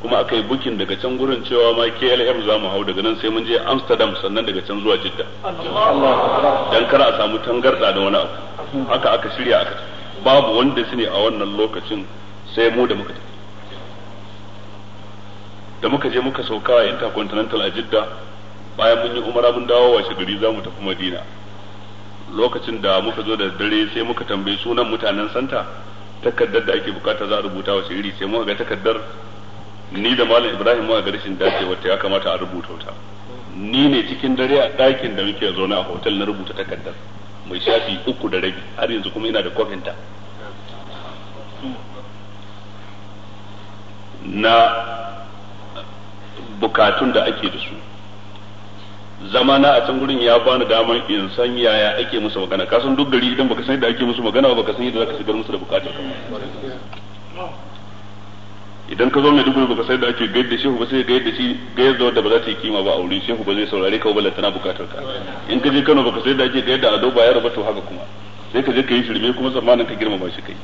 Speaker 1: kuma aka yi bukin daga can gurin cewa ma KLM za mu hau daga nan sai mun je Amsterdam sannan daga can zuwa Jidda dan kar a samu tangarda da wani abu haka aka shirya aka babu wanda su ne a wannan lokacin sai mu da muka tafi da muka je muka sauka a Intercontinental a Jidda bayan mun yi umara mun dawo washe gari za mu tafi Madina lokacin da muka zo da dare sai muka tambayi sunan mutanen santa takardar da ake bukata za a rubuta wa shiri sai muka ga takardar ni da malam ibrahim ma ga rashin dace wata ya kamata a rubuta ta ni ne cikin dare a ɗakin da muke zaune a hotel na rubuta takardar mai shafi uku da rabi har yanzu kuma ina da kofinta na bukatun da ake da su zama na a can gurin ya bani damar in san yaya ake musu magana kasan duk gari idan baka san yadda ake musu magana baka san yadda zaka shigar musu da bukatar
Speaker 2: kamar
Speaker 1: idan ka zo mai dubu baka sai da ake da shehu ba sai da shi gaida da ba za ta yi kima ba a wuri shehu ba zai saurare ka ba lantana bukatar ka in ka je Kano baka sai da ake gaida ado ba ya rubuta haka kuma sai ka je ka yi shirme kuma tsammanin ka girmama shi kai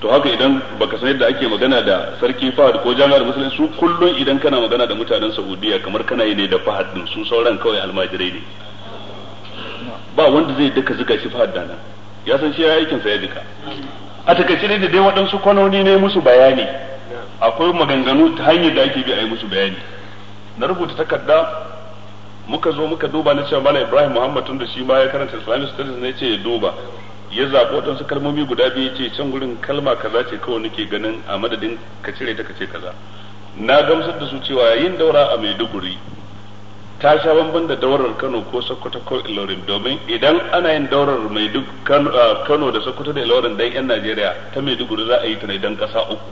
Speaker 1: to haka idan baka san yadda ake magana da sarki Fahad ko jami'ar musulun su kullum idan kana magana da mutanen Saudiya kamar kana yi ne da Fahad din su sauran kawai almajirai ne ba wanda zai daka zuga shi Fahad dana ya san shi ya aikin sa ya duka a takaice ne da dai waɗansu kwanoni ne musu bayani akwai maganganu ta hanyar da ake bi a yi musu bayani na rubuta takarda muka zo muka duba na cewa malam Ibrahim Muhammad tun da shi ma ya karanta Islamic Studies ne ce ya duba ya zaɓi waɗansu kalmomi guda biyu ce can gurin kalma kaza ce kawai nake ganin a madadin ka cire ta ka kaza na gamsar da su cewa yin daura a Maiduguri ta sha bamban da daurar Kano ko Sokoto ko Ilorin domin idan ana yin daurar Maiduguri ah, Kano da Sokoto da Ilorin dan yan Najeriya ta Maiduguri za a yi ta ne dan ƙasa uku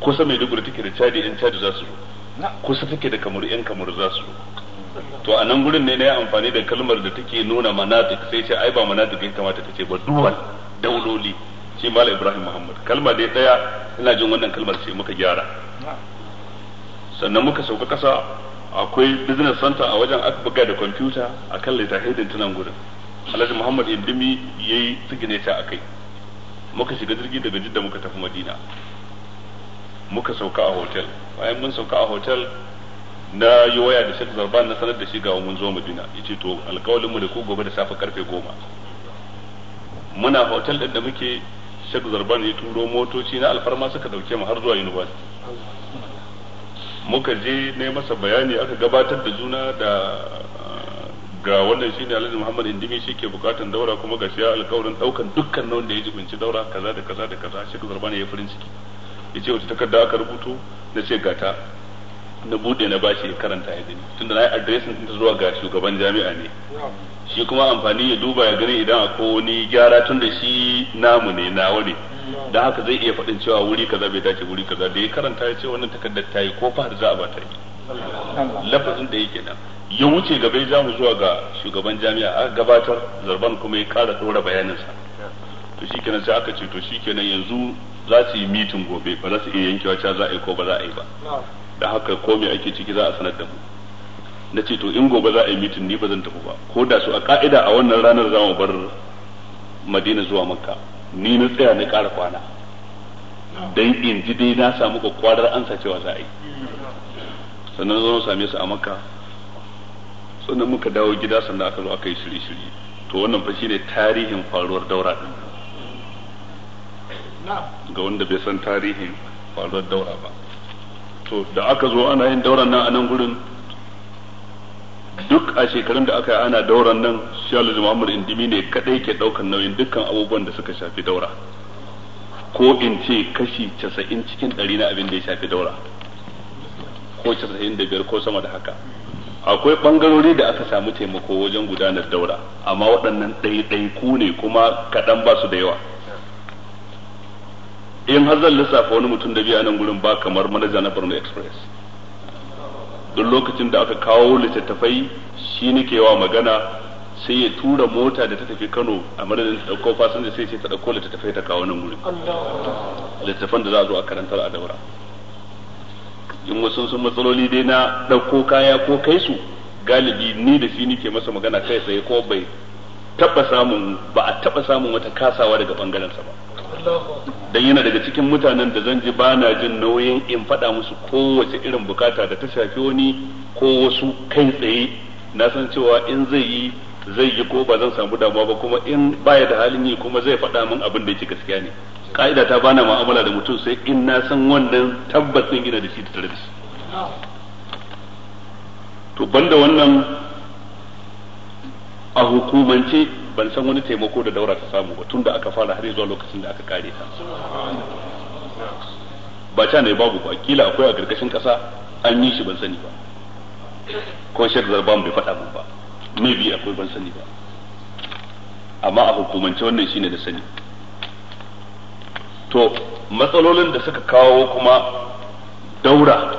Speaker 1: kusa mai Maiduguri take da Chadi in Chadi za su zo kusa take da Kamaru yan Kamaru za su zo to a nan gurin ne na yi amfani da kalmar da take nuna manatik sai ce ai ba manatik ya kamata ta ce ba duwal dauloli shi mala Ibrahim Muhammad kalma dai daya ina jin wannan kalmar sai muka gyara sannan muka sauka kasa akwai business center a wajen aka buga da kwamfuta a kan littafin tunan gurin alhaji muhammad indimi ya yi ta a kai muka shiga jirgi daga jidda muka tafi madina muka sauka a hotel bayan mun sauka a hotel na yi waya da Sheikh Zarban na sanar da shi ga mun zo Madina yace to alƙawalin mu da ku gobe da safe karfe 10 muna hotel din da muke Sheikh Zarban ya turo motoci na alfarma suka dauke mu har zuwa university muka je ne masa bayani aka gabatar da juna da ga wannan shine Alhaji Muhammad Indimi shi ke bukatan daura kuma ga shi alƙawarin daukan dukkan nan da ya jibinci daura kaza da kaza da kaza Sheikh Zarban ya farin ciki ya ce wata takarda aka rubuto na ce gata na bude na bashi ya karanta ya gani tunda na yi adiresin tun zuwa ga shugaban jami'a ne shi kuma amfani ya duba ya gani idan akwai wani gyara tun da shi namu ne nawa ne don haka zai iya faɗin cewa wuri kaza bai dace wuri kaza da ya karanta ya ce wannan takardar ta yi ko fahar za a ba ta
Speaker 2: yi
Speaker 1: lafazin da yake nan ya wuce gaba ya zamu zuwa ga shugaban jami'a a gabatar zarban kuma ya kara ɗora bayaninsa to shi kenan sai aka ce to shi kenan yanzu za su yi mitin gobe ba za su iya yankewa cewa za a yi ko ba za a yi ba da haka ko me ake ciki za a sanar da mu na ce to in gobe za a yi mitin ni ba zan tafi ba ko da su a ka'ida a wannan ranar za mu bar madina zuwa makka ni na tsaya na ƙara kwana dan in ji dai na samu kwakwarar ansa cewa za a yi mm. sannan zo same su a makka sannan muka dawo gida sannan aka zo aka yi shirye-shirye to wannan fa ne tarihin faruwar daura din ga wanda bai san tarihin faruwar daura ba to da aka zo ana yin dauran nan a nan gurin duk a shekarun da aka yi ana dauran nan shalu muhammad indimi ne kadai ke daukan nauyin dukkan abubuwan da suka shafi daura ko in ce kashi casa'in cikin ɗari na abin da ya shafi daura ko casa'in da biyar ko sama da haka akwai bangarori da aka samu taimako wajen gudanar daura amma waɗannan ɗaiɗaiku ne kuma kaɗan ba su da yawa in har zan lissafa wani mutum da biya nan gurin ba kamar manaja na Borno Express duk lokacin da aka kawo littattafai shi nake wa magana sai ya tura mota da ta tafi Kano a madadin ta dauko fasinja sai ce ta dauko littattafai ta kawo nan gurin littattafan da za a zo a karantar a daura in wasu sun matsaloli dai na dauko kaya ko kai su galibi ni da shi nake masa magana kai tsaye ko bai taba samun ba a taba samun wata kasawa daga bangaren sa ba dan yana daga cikin mutanen da zan ji bana jin nauyin in faɗa musu kowace irin bukata da ta shafi wani ko wasu kai tsaye na san cewa in zai yi zai yi ko ba zan samu damuwa ba kuma in baya da halin yi kuma zai faɗa min abin da yake gaskiya ne ka'ida ta bana mu'amala da mutum sai in na san wannan tabbacin gina da shi da tare to banda wannan
Speaker 2: a hukumance
Speaker 1: ban san wani taimako da daura ta samu ba tun da aka fara har zuwa lokacin da aka kare ta ba ta ne babu ba kila akwai a karkashin kasa an yi shi ban sani ba ko shek zarban bai faɗa mu ba me bi akwai ban sani ba amma a hukumance wannan shine da sani to matsalolin da suka kawo kuma daura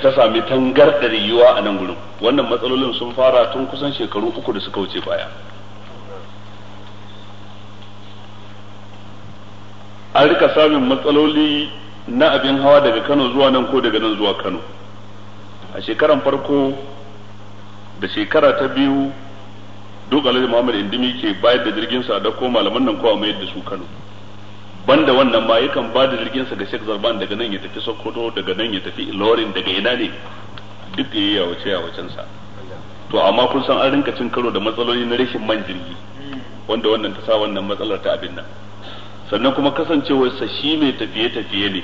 Speaker 1: ta sami tangarɗar yiwuwa a nan gurin wannan matsalolin sun fara tun kusan shekaru uku da suka wuce baya an rika samun matsaloli na abin hawa daga Kano zuwa nan ko daga nan zuwa Kano a shekaran farko da shekara ta biyu duk alhaji Muhammad Indimi ke bayar da jirgin sa da ko malaman nan ko a da su Kano banda wannan ma yakan ba da jirgin sa ga Sheikh Zarban daga nan ya tafi Sokoto daga nan ya tafi Ilorin daga ina ne duk yayi ya wace a wucen sa to amma kun san an rinka cin karo da matsaloli na rashin man jirgi wanda wannan ta sa wannan matsalar ta abin nan sannan kuma kasancewarsa shi mai tafiye-tafiye ne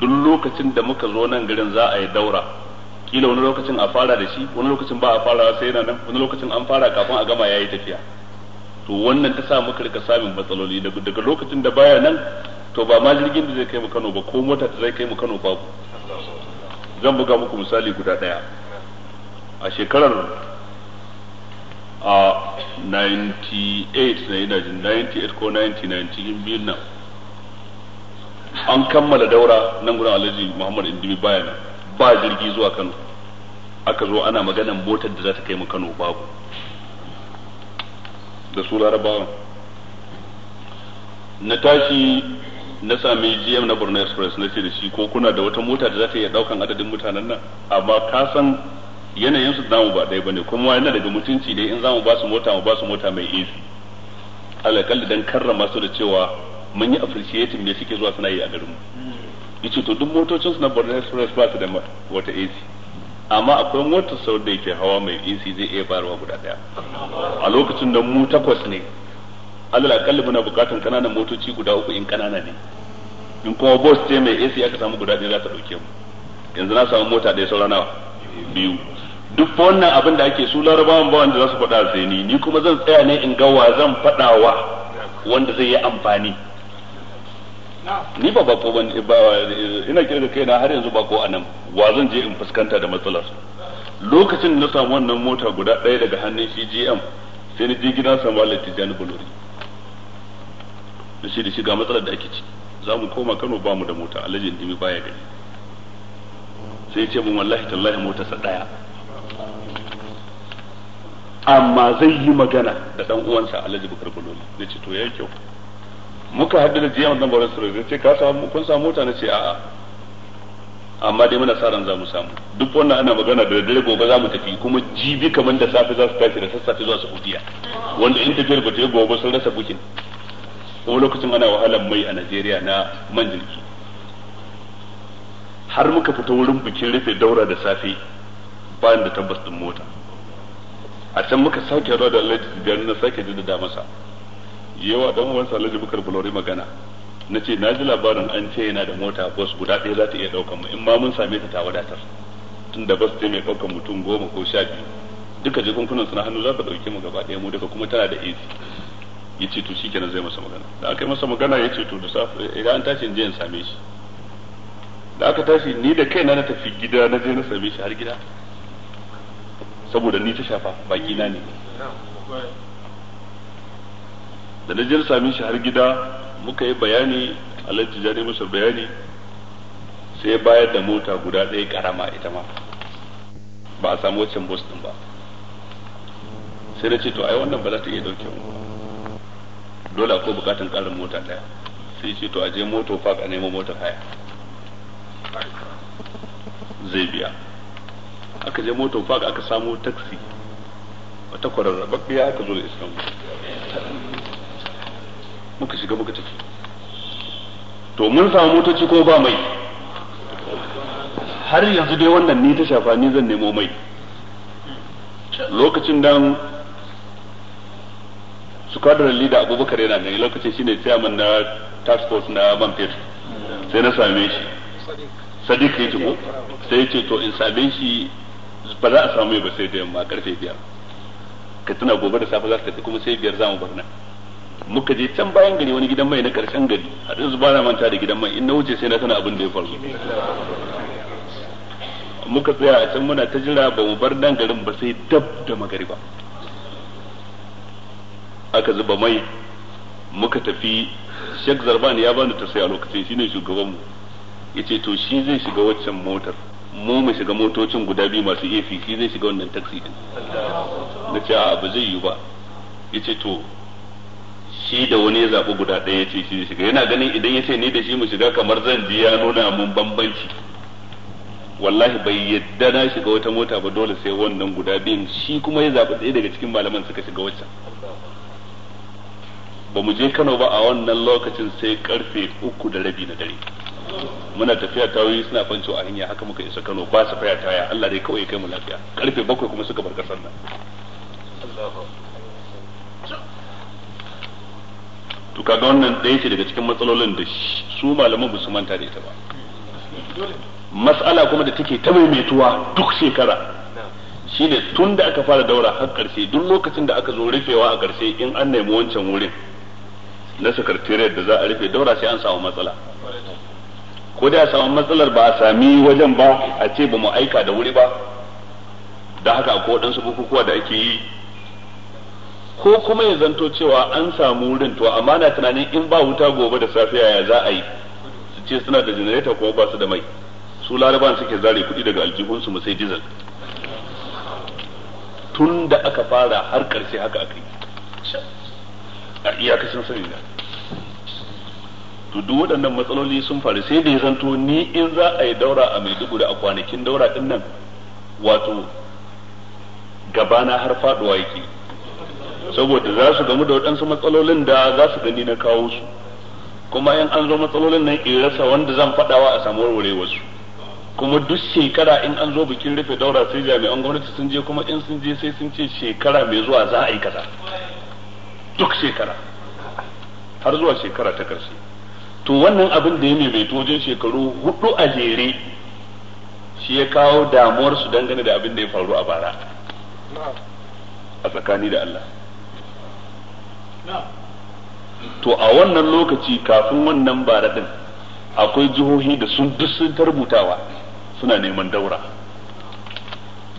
Speaker 1: duk lokacin da muka zo nan garin za a yi daura kila wani lokacin a fara da shi wani lokacin ba a fara sai yana nan wani lokacin an fara kafin a gama ya yi tafiya to wannan ta sa muka rika samun matsaloli daga lokacin da baya nan to ba ma jirgin da zai kai mu Kano ba ko mota da zai kai mu Kano ba zan buga muku misali guda daya a shekarar a 98 sai ina jin 98 ko 99 cikin biyun nan an kammala daura nan gudan alhaji muhammad indimi baya nan ba jirgi zuwa kano aka zo ana maganan motar da za ta kai mu kano babu da su larabawa na tashi na sami gm na borno express na ce da shi ko kuna da wata mota da za ta iya daukan adadin mutanen nan amma ka san yanayin su zamu ba ɗaya bane kuma yana daga mutunci ne in zamu ba su mota mu ba su mota mai AC kalli dan karrama su da cewa mun yi appreciating me suke zuwa suna yi a garin mu yace to duk motocin su na Borno Express ba su da wata AC amma akwai mota sau da yake hawa mai AC zai iya bayarwa guda daya a lokacin da mu takwas ne alal akalli muna bukatan kananan motoci guda uku in kanana ne in kuma boss ce mai AC aka samu guda ɗaya za ta dauke mu yanzu na samu mota ɗaya saura nawa biyu duk wannan abin da ake su larabawan ba wanda za su faɗa sai ni ni kuma zan tsaya ne in ga wa zan faɗa wa wanda zai yi amfani ni ba bako ban ina kirga kaina har yanzu bako anan, wa zan je in fuskanta da matsalar lokacin na samu wannan mota guda ɗaya daga hannun C.G.M, sai ni je gidan samu Allah Tijani Bulori da shi da shi ga matsalar da ake ci za mu koma Kano ba mu da mota alhaji Indimi baya gani. sai ya ce mun wallahi tallahi motarsa ɗaya amma zai yi magana da dan uwansa Alhaji Bukar Buloli ne ce to yayi kyau muka haɗu da jiya wannan barin surai ce ka samu kun samu mota na ce a'a amma dai muna sa ran za mu samu duk wannan ana magana da dare gobe za mu tafi kuma jibi kamar da safe za su tafi da sassafe zuwa Saudiya wanda in tafiyar ba ta gobe sun rasa bukin kuma lokacin ana wahalar mai a Najeriya na man jirgi har muka fita wurin bikin rufe daura da safe bayan da tabbas din mota a can muka sake ruwa da Allah ya na sake da masa yawa dan uwansa alhaji bukar bulori magana na ce na ji labarin an ce yana da mota bus guda ɗaya za ta iya ɗaukan mu in ma mun same ta ta wadatar tun da bus ce mai ɗaukan mutum goma ko sha biyu duka jikunkunan suna hannu za ka ɗauke mu gaba ɗaya mu duka kuma tana da AC ya to shikenan zai masa magana da aka yi masa magana ya to da safe idan an tashi je in same shi da aka tashi ni da kaina na tafi gida na je na same shi har gida saboda ni ta shafa baki na ne da na jin sami shi har gida muka yi bayani alaji jari masa bayani sai bayar da mota guda ɗaya karama ita ma ba a samu waccan bus din ba sai na ce to ai wannan ba za ta iya dauke mu dole akwai bukatan karin mota ɗaya sai ce to a je moto park a nemo motar haya zai biya aka je motar park aka samo taxi wata kwararrababbiya aka zo da istanbul muka shiga muka tafi to mun samu motoci ko ba mai har yanzu dai wannan ni ta shafa ni zan nemo mai lokacin dan su da lida abubakar yana nan lokacin shine chairman na task force na man fetur sai na same shi sadiq ya ce ko sai ya ce to in same shi ba za a samu ba sai da yamma karfe biyar ka tuna gobe da safe za ka kuma sai biyar za mu bar nan muka je can bayan gari wani gidan mai na karshen gari a ɗin ba na manta da gidan mai in na wuce sai na tana abin da ya faru muka tsaya a can muna ta jira ba mu bar nan garin ba sai dab da magariba aka zuba mai muka tafi Sheikh Zarban ya bani ta sai a lokacin shine shugabanmu ya ce to shi zai shiga waccan motar mu mu shiga motocin guda biyu masu efi shi zai shiga wannan taxi din na ce a ba zai yi ba Ya ce to shi da wani ya zaɓi guda ɗaya ce shi shiga yana ganin idan ya ce ni da shi mu shiga kamar zan ji ya nuna mun bambanci wallahi bai yadda na shiga wata mota ba dole sai wannan guda biyun shi kuma ya zaɓi ɗaya daga cikin malaman suka shiga waccan ba mu je Kano ba a wannan lokacin sai karfe uku da rabi na dare muna tafiya ta wuri suna kwancewa a hanya haka muka isa Kano ba safaya taya Allah dai kawai kai mu lafiya karfe bakwai kuma suka bar kasar nan to kaga wannan ɗaya ce daga cikin matsalolin da su malaman ba su manta da ita ba mas'ala kuma da take ta maimaituwa duk shekara shine tun da aka fara daura har karshe duk lokacin da aka zo rufewa a karshe in an nemi wancan wurin na sakatariyar da za a rufe daura sai an samu matsala ko da samu matsalar ba a sami wajen ba a ce ba mu aika da wuri ba da haka akwai waɗansu bukukuwa da ake yi ko kuma ya zanto cewa an samu wurin to amma na tunanin in ba wuta gobe da safe ya za a yi su ce suna da janareta kuma ba su da mai su laraban suke zare kuɗi daga aljihunsu mu sai dizal tun da aka fara har ƙarshe haka aka yi a iyakacin sani na to duk waɗannan matsaloli sun faru sai da ya zanto ni in za a yi daura a mai da a kwanakin daura din nan wato gabana har faduwa yake saboda za su gamu da waɗansu matsalolin da za su gani na kawo su kuma in an zo matsalolin nan in rasa wanda zan faɗawa a samu warware wasu kuma duk shekara in an zo bikin rufe daura sai jami'an gwamnati sun je kuma in sun je sai sun ce shekara mai zuwa za a yi kaza duk shekara har zuwa shekara ta ƙarshe to wannan abin da ya mai wajen shekaru hudu a jere shi ya kawo damuwar su dangane da abin da ya faru a bara a tsakani da Allah to a wannan lokaci kafin wannan bara din akwai jihohi da sun duk sun tarbutawa suna neman daura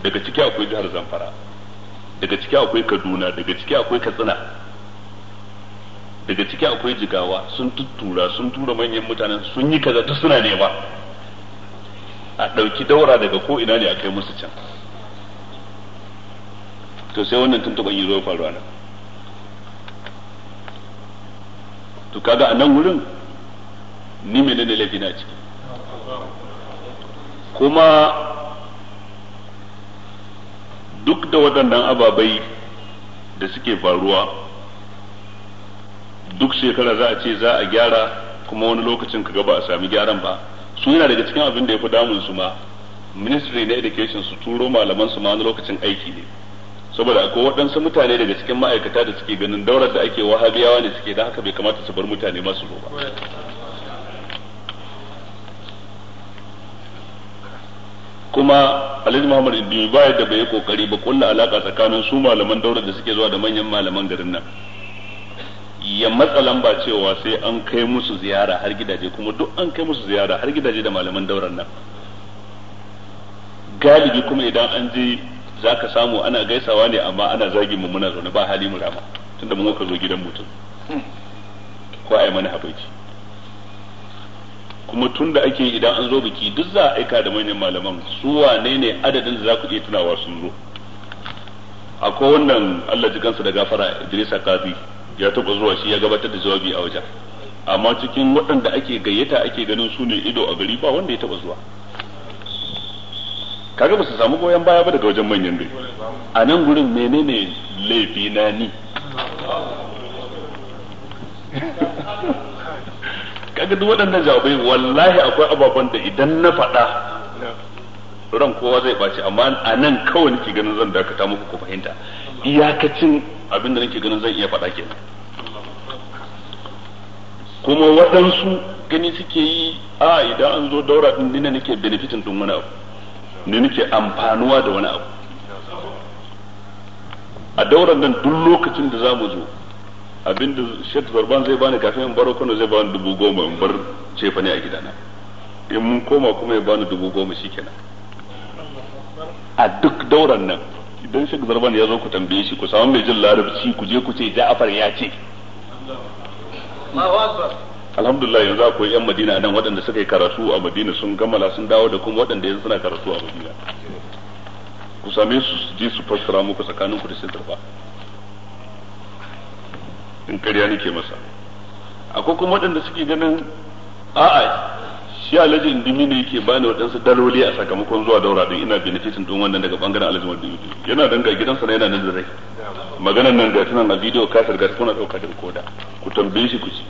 Speaker 1: daga ciki akwai jihar Zamfara daga ciki akwai Kaduna daga ciki akwai Katsina daga ciki akwai jigawa sun tuttura sun tura manyan mutanen sun yi kaza ta suna nema a ɗauki daura daga ko ina ne a kai musu can to sai wannan tuntuɓan yi zo faruwa nan to kaga a nan wurin ni mai ne laifi na ciki kuma duk da waɗannan ababai da suke faruwa duk shekara za a ce za a gyara kuma wani lokacin kaga ba a sami gyaran ba su yana daga cikin abin da ya fi damun su ma ministry na education su turo malaman su ma wani lokacin aiki ne saboda akwai waɗansu mutane daga cikin ma'aikata da suke ganin daurar da ake wahabiyawa ne suke don haka bai kamata su bar mutane masu ba kuma alhaji muhammad ibn ba da bai yi kokari ba kulla alaka tsakanin su malaman daurar da suke zuwa da manyan malaman garin nan ya matsa lamba cewa sai an kai musu ziyara har gidaje kuma duk an kai musu ziyara har gidaje da malaman dauran nan galibi kuma idan an je za ka samu ana gaisawa ne amma ana zagi mu muna zaune ba hali mu rama tunda mun ka zo gidan mutum ko ai mana habaici kuma tunda ake idan an zo biki duk za a aika da manyan malaman su wane ne adadin da za ku iya tunawa sun zo akwai wannan Allah jikansa da gafara Idris Kafi ya taɓa zuwa shi ya gabatar da jawabi a wajen amma cikin waɗanda ake gayyata ake ganin su ne ido a gari ba wanda ya taɓa zuwa kaga ba su samu goyon baya ba daga wajen manyan gari a nan gurin menene laifi na ni kaga duk waɗannan jawabai wallahi akwai ababen da idan na faɗa ran kowa zai ɓaci amma a nan kawai nake ganin zan dakata muku ku fahimta iyakacin abinda nake ganin zan iya faɗa kenan kuma waɗansu gani suke yi a idan an zo daura din nina nake benefitin din wani abu ne nake amfanuwa da wani abu a dauran nan duk lokacin da za mu zo abinda shek zarban zai bani kafin in baro kano zai bani dubu goma in bar cefa ne a gidana in mun koma kuma ya bani dubu goma shikenan a duk dauran nan don shi zarban ya zo ku tambaye shi ku samu mai jin larabci ku je ku ce Ja'far ya ce alhamdulillah yanzu akwai yan madina nan waɗanda suka yi karatu a madina sun gamala sun dawo da kuma waɗanda yanzu suna karatu a madina ku same su je su fassara muku tsakanin ku da sitar zarba in ƙarya nake masa akwai kuma waɗanda suke ganin a'a shi alhaji indimi ne yake bani waɗansu daloli a sakamakon zuwa daura don ina benefitin din wannan daga bangaren alhaji indimi yana danga ga gidansa na yana nan da rai
Speaker 2: maganan nan ga
Speaker 1: tunan a bidiyo kasar ga kuna ɗauka da koda ku tambaye shi ku ci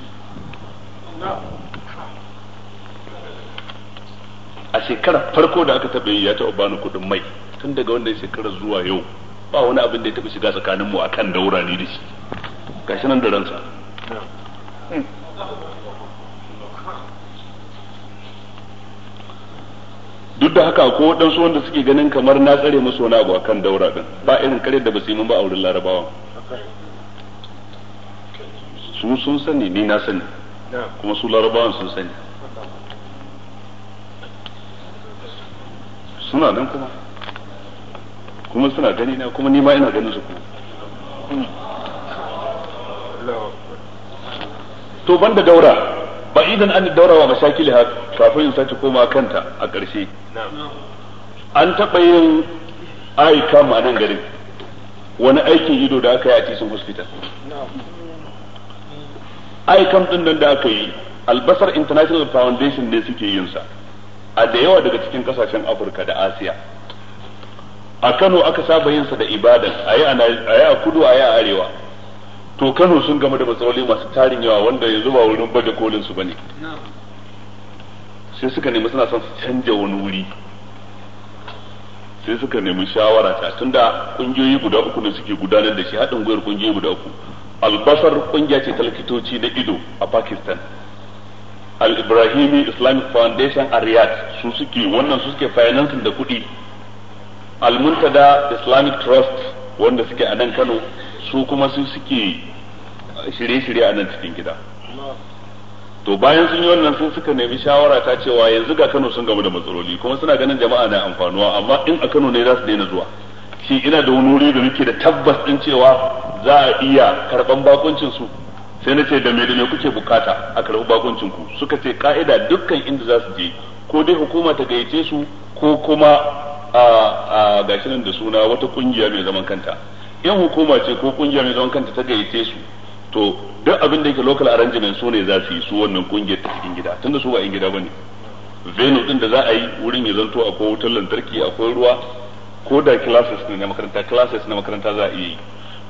Speaker 1: a shekarar farko da aka taɓa yi ya taɓa bani kuɗin mai tun daga wanda shekarar zuwa yau ba wani abin da ya taɓa shiga tsakaninmu a kan daura ni da shi gashi nan da ransa duk da haka ko waɗansu wanda suke ganin kamar na tsare musu wani abu akan daura din ba irin kare da ba su yi mun ba a wurin larabawa su sun sani ni na sani kuma su larabawan sun sani suna nan kuma kuma suna gani na kuma ni ma ina ganin su kuma to banda daura ba idan an daura wa mashakil ha kafin in sace koma kanta a ƙarshe an taɓa yin aika ma nan garin wani aikin ido da aka yi a titin hospital aikan ɗin nan da aka yi albasar international foundation ne suke yin sa a da yawa daga cikin kasashen afirka da asiya a kano aka saba yin sa da ibadan a yi a kudu a yi a arewa to Kano sun gama da matsaloli masu tarin yawa wanda yanzu ba wurin baje kolin su bane sai suka nemi suna son su canja wani wuri sai suka nemi shawara ta tunda kungiyoyi guda uku ne suke gudanar da shi haɗin gwiwar kungiyoyi guda uku albasar kungiya ce ta likitoci na ido a pakistan al-ibrahimi islamic foundation a riyadh su suke wannan su suke financing da kuɗi al-muntada islamic trust wanda suke a nan kano su kuma sun suke shirye-shirye a nan cikin gida to bayan sun yi wannan sun suka nemi shawara ta cewa yanzu ga Kano sun gamu da matsaloli kuma suna ganin jama'a na amfanuwa amma in a Kano ne za su daina zuwa shi ina da wani wuri da muke da tabbas din cewa za a iya karban bakuncin su sai na ce da me da me kuke bukata a karbi bakuncin ku suka ce ka'ida dukkan inda za su je ko dai hukuma ta gayyace su ko kuma a gashi nan da suna wata kungiya mai zaman kanta yan hukuma ce ko kungiyar ne don kanta ta gayyace su to duk abin da yake local arrangement su ne za su yi su wannan kungiyar ta cikin gida tunda su ba yan gida bane venue din da za a yi wurin ya zanto akwai wutar lantarki akwai ruwa ko da classes ne na makaranta classes na makaranta za a iya yi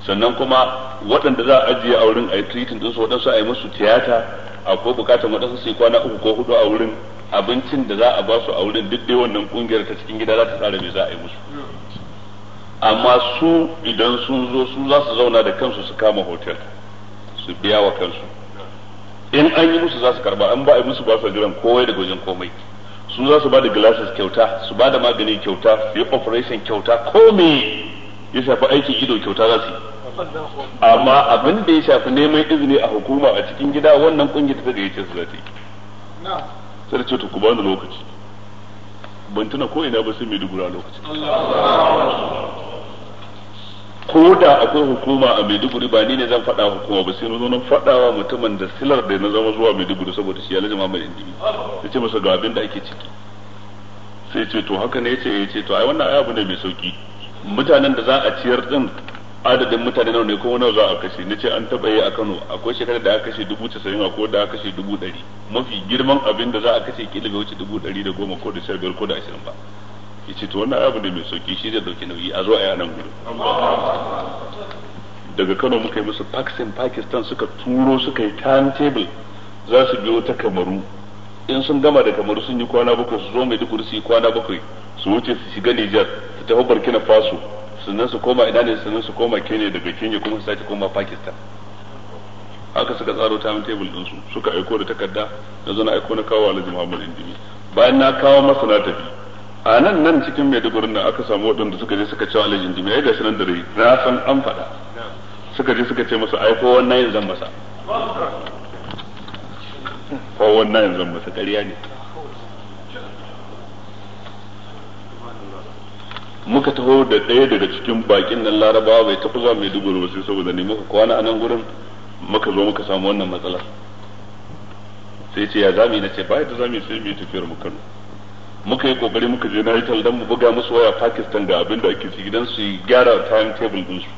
Speaker 1: sannan kuma waɗanda za a ajiye a wurin a yi treating su waɗansu a yi musu tiyata akwai buƙatar waɗansu su yi kwana uku ko hudu a wurin abincin da za a ba su a wurin duk dai wannan ƙungiyar ta cikin gida za ta tsara me za a yi musu amma su idan sun zo su za su zauna da kansu su kama hotel su biya wa kansu in an yi musu za su karba an ba a yi musu ba su jiran kowai daga wajen komai su za su ba da glasses kyauta su ba da magani kyauta su yi operation kyauta komai ya shafi aikin ido kyauta za su yi amma abin da ya shafi neman izini a hukuma a cikin gida wannan kungiyar ta da ya ce su za ta yi sai da ce ku bani lokaci ban tuna ko ina ba sai mai a lokacin ko da akwai hukuma a Maiduguri ba ni ne zan faɗa hukuma ba sai na zo na faɗa wa mutumin da silar da na zama zuwa Maiduguri saboda shi ya lajima mai indimi ya ce masa ga abin da ake ciki sai ce to haka ne ya ce eh, ya ce to ai wannan ay'abu ne mai sauki mutanen da za a ciyar din adadin mutane nawa ne kuma nawa za a kashe nace an taba yi a Kano akwai shekarar da aka kashe dubu casa'in ko da aka kashe dubu ɗari mafi girman abin da za a kashe kila bai wuce dubu ɗari da goma ko da sha biyar ko da ashirin ba yace to wannan abu ne mai sauki shi zai dauki nauyi a zo a yi anan gudu daga Kano muka yi musu Pakistan Pakistan suka turo suka yi timetable za su biyo ta Kamaru in sun gama da Kamaru sun yi kwana bakwai su zo Maiduguri su yi kwana bakwai su wuce su shiga Nijar su tafi Burkina Faso sannan su koma ina ne sannan su koma kene daga kene kuma su sake koma Pakistan haka suka tsaro time table din su suka aiko da takarda na zo na aiko na kawo Alhaji Muhammad Indimi bayan na kawo masa na tafi a nan nan cikin Maiduguri nan aka samu waɗanda suka je suka cewa Alhaji Indimi ai gashi nan da rai na san an faɗa suka je suka ce masa ai ko wannan yanzu masa ko wannan yanzu masa ƙarya ne muka taho da ɗaya daga cikin bakin nan larabawa bai taɓa zuwa dubu ba sai saboda ne muka kwana a nan gurin muka zo muka samu wannan matsalar sai ce ya zami na ce bai da zami sai mai yi tafiyar mu Kano muka yi kokari muka je na hitar dan mu buga musu waya Pakistan ga abin da ake ciki gidan su gyara time table din su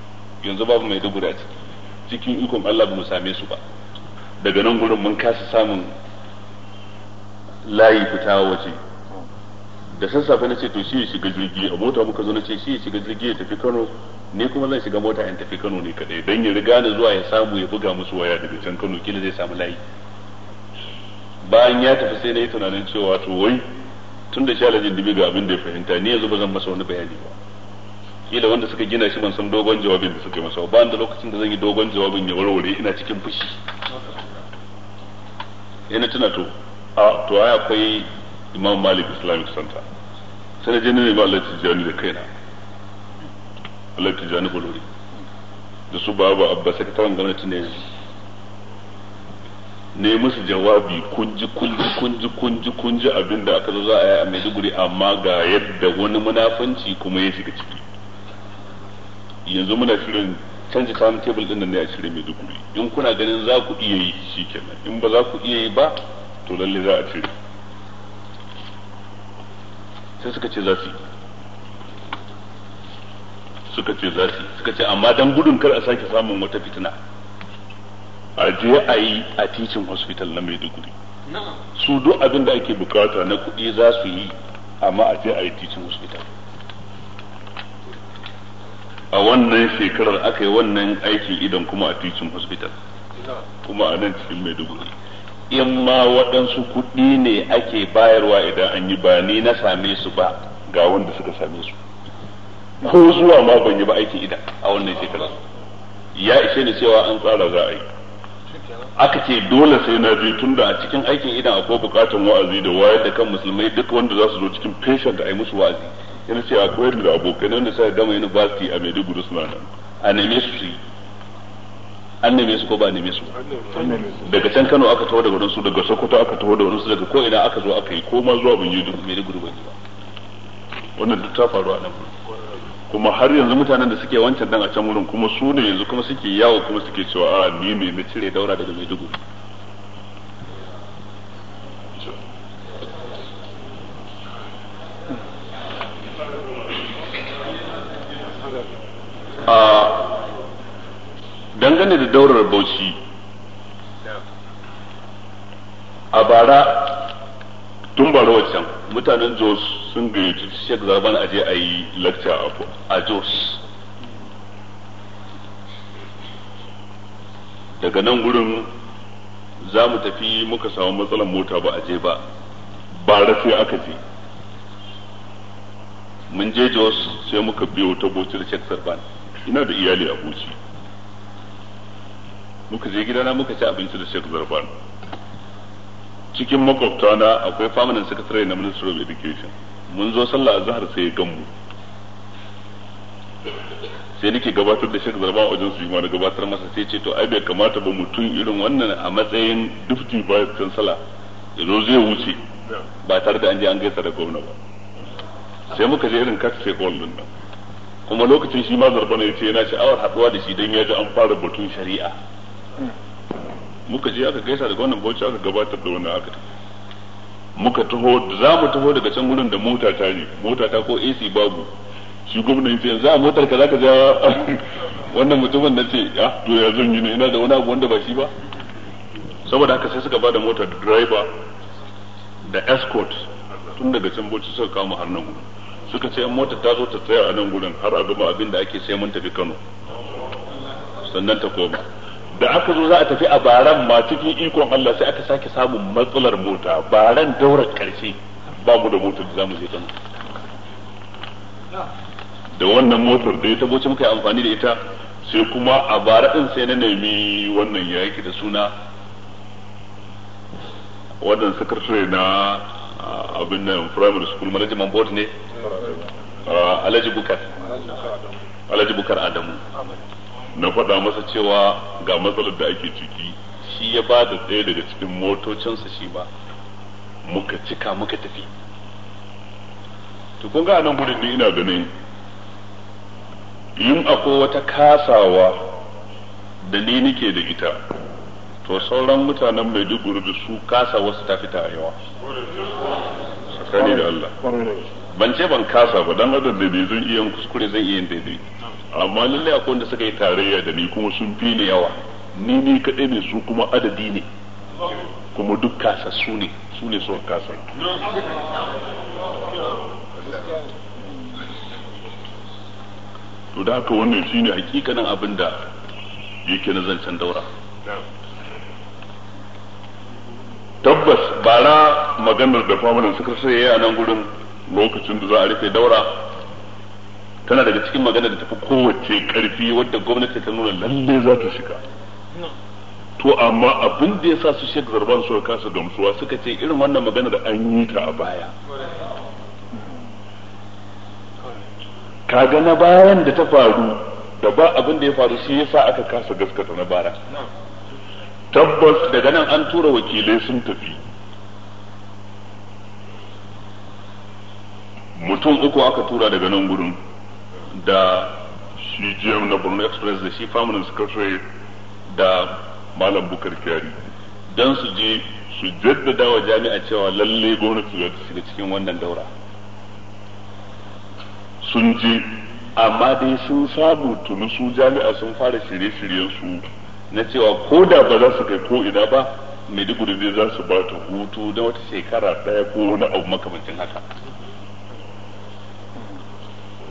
Speaker 1: yanzu babu mai dubu a ciki cikin ikon Allah ba mu same su ba daga nan gurin mun kasa samun layi fita waje da sassafe na ce to shi ya shiga jirgi a mota muka zo na ce shi ya shiga jirgi ya tafi Kano ni kuma zan shiga mota in tafi Kano ne kadai dan ya riga ni zuwa ya samu ya buga musu waya daga can Kano kila zai samu layi bayan ya tafi sai na yi tunanin cewa to wai tun da shalaji dibi ga abin da ya fahimta ni yanzu ba zan masa wani bayani ba kila wanda suka gina shi ban san dogon jawabin da suka yi masa ba da lokacin da zan yi dogon jawabin ya warware ina cikin fushi yana tuna to a to ai akwai imam malik islamic center sai na je ne ba Allah tijjani da kaina Allah tijjani bulori da su ba ba abba sakataren gwamnati ne ne musu jawabi kunji kunji kunji kunji kunji abinda aka zo za a yi a Maiduguri amma ga yadda wani munafanci kuma ya shiga ciki yanzu muna shirin canji time table din nan ne a shirye Maiduguri in kuna ganin za ku iya yi shikenan in ba za ku iya yi ba to lalle za a cire sai suka ce za su suka ce za su suka ce amma don gudun kar a sake samun wata fitina a je a yi a titin hospital na Maiduguri su duk abin da ake bukata na kuɗi za su yi amma a je a yi titin hospital a wannan shekarar aka yi wannan aikin idan kuma a titin hospital kuma a nan cikin Maiduguri in ma waɗansu kuɗi ne ake bayarwa idan an yi ba ni na same su ba ga wanda suka same su
Speaker 3: ko zuwa ma
Speaker 1: ban yi ba aikin idan a wannan shekara ya ishe ni cewa an tsara za a yi aka ce dole sai na je tunda a cikin aikin idan akwai bukatan wa'azi da wayar da kan musulmai duk wanda za su zo cikin patient a yi musu wa'azi yana ce akwai da abokai wanda sai gama university a Maiduguri suna nan a neme su su yi an neme su ko ba neme su daga can Kano aka taho da wurin su daga Sokoto aka taho da wurin su daga ko'ina aka zo aka yi ko ma zuwa bin yudu mai da gurbi ba wannan duk ta faru a nan kuma har yanzu mutanen da suke wancan dan a can wurin kuma su ne yanzu kuma suke yawo kuma suke cewa a ni ne mai cire daura daga mai dugu a dangane da daurar bauchi a bara tun bara wajen mutanen jos sun gayyaci shek zarban aje a yi lakca a jos daga nan wurin za mu tafi muka samu matsalar mota ba a je ba bara sai aka je mun je jos sai muka biyo ta bocin shek zarban ina da iyali a bocin muka je gida na muka ci abinci da Sheikh Zarban cikin makwabta na akwai permanent secretary na Ministry of Education mun zo sallah azhar sai ya mu sai nake gabatar da Sheikh Zarban wajen su ma na gabatar masa sai ce to ai bai kamata ba mutum irin wannan a matsayin dufti bayan cikin ya zo zai wuce ba tare da an je an gaisa da gwamna ba sai muka je irin kati sai din nan kuma lokacin shi ma zarba ya ce yana sha'awar haɗuwa da shi don ya ji an fara batun shari'a muka je aka gaisa daga wannan bauchi aka gabatar da wannan aka muka taho za mu taho daga can gudun da mota ta ne mota ta ko AC babu shi gwamnan ce za a motar ka zaka ja wannan mutumin na ce ya ah, to ya zan yi ne ina da wani abu wanda ba shi ba saboda haka sai suka bada motar da driver da escort tun daga can bauchi suka kama har nan gudun suka ce an motar ta zo ta tsaya a nan gudun har a gama abin da ake sai mun tafi Kano sannan ta koma da aka zo za a tafi a baran ma cikin ikon Allah sai aka sake samun matsalar mota baran daurar karshe ba mu da motar da zamu je kan da wannan motar da ita boce muka yi amfani da ita sai kuma a bara ɗin sai na nemi wannan ya yake da suna wannan sakatare na abin nan primary school management board ne alhaji bukar adamu na faɗa masa cewa ga matsalar da ake ciki shi ya ba da ɗaya daga cikin motocinsa shi ba muka cika muka tafi to kun ga nan gudun ni ina ganin yin akwai wata kasawa da ni nike da ita to sauran mutanen mai duguru da su kasa wasu ta fita a yawa
Speaker 2: tsakani da Allah
Speaker 1: ban ce ban kasa ba dan adam da bai zan iya kuskure zan iya daidai amma lalle akwai wanda suka yi tarayya da ni kuma sun fi ni yawa ni ni kadai ne su kuma adadi ne kuma duk kasa su ne su ne suka kasa to da haka wannan shine hakikanin abin da yake na zancen daura tabbas bara maganar da famanin suka sai a nan gurin lokacin da za a rufe daura tana daga cikin magana da tafi kowace karfi wadda gwamnati ta nuna lalle za ta shiga to amma abin da ya sa su shek zarban su kasa gamsuwa suka ce irin wannan magana da an yi ta a baya kaga na bayan da ta faru da ba abin da ya faru shi sa aka kasa gaskata na bara
Speaker 2: tabbas daga nan an tura
Speaker 1: wakilai sun tafi mutum uku aka tura daga nan gudun da shi GM na Borno Express da shi Permanent Secretary da Malam Bukar Kyari don su je su jaddada wa jami'a cewa lalle gwamnati shiga cikin wannan daura sun je amma dai sun sabu tuni su jami'a sun fara shirye-shiryen su na cewa ko da ba za su kai ko ina ba maiduguri zai za su ba ta hutu da wata shekara ɗaya ko wani abu makamancin haka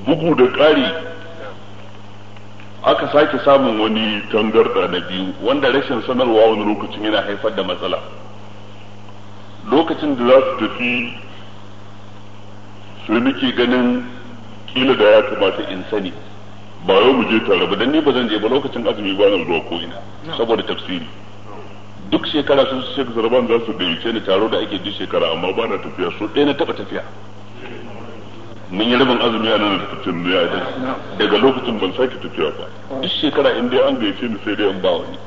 Speaker 1: bugu da ƙari aka sake samun wani tangarda na biyu wanda rashin sanarwa wani lokacin yana haifar da matsala lokacin da za su tafi su nake ganin kila da ya kamata in sani ba yau mu je tare ba dan ni ba zan je ba lokacin azumi ba na zuwa ko ina saboda tafsiri duk shekara sun shekara zarban za su gayyace ni taro da ake duk shekara amma ba na tafiya so ɗaya na taɓa tafiya mun yi rabin azumi a nan da tafiyar da ya daga lokacin ban sake tafiya ba duk shekara in dai an gaishe ni sai dai an ba wani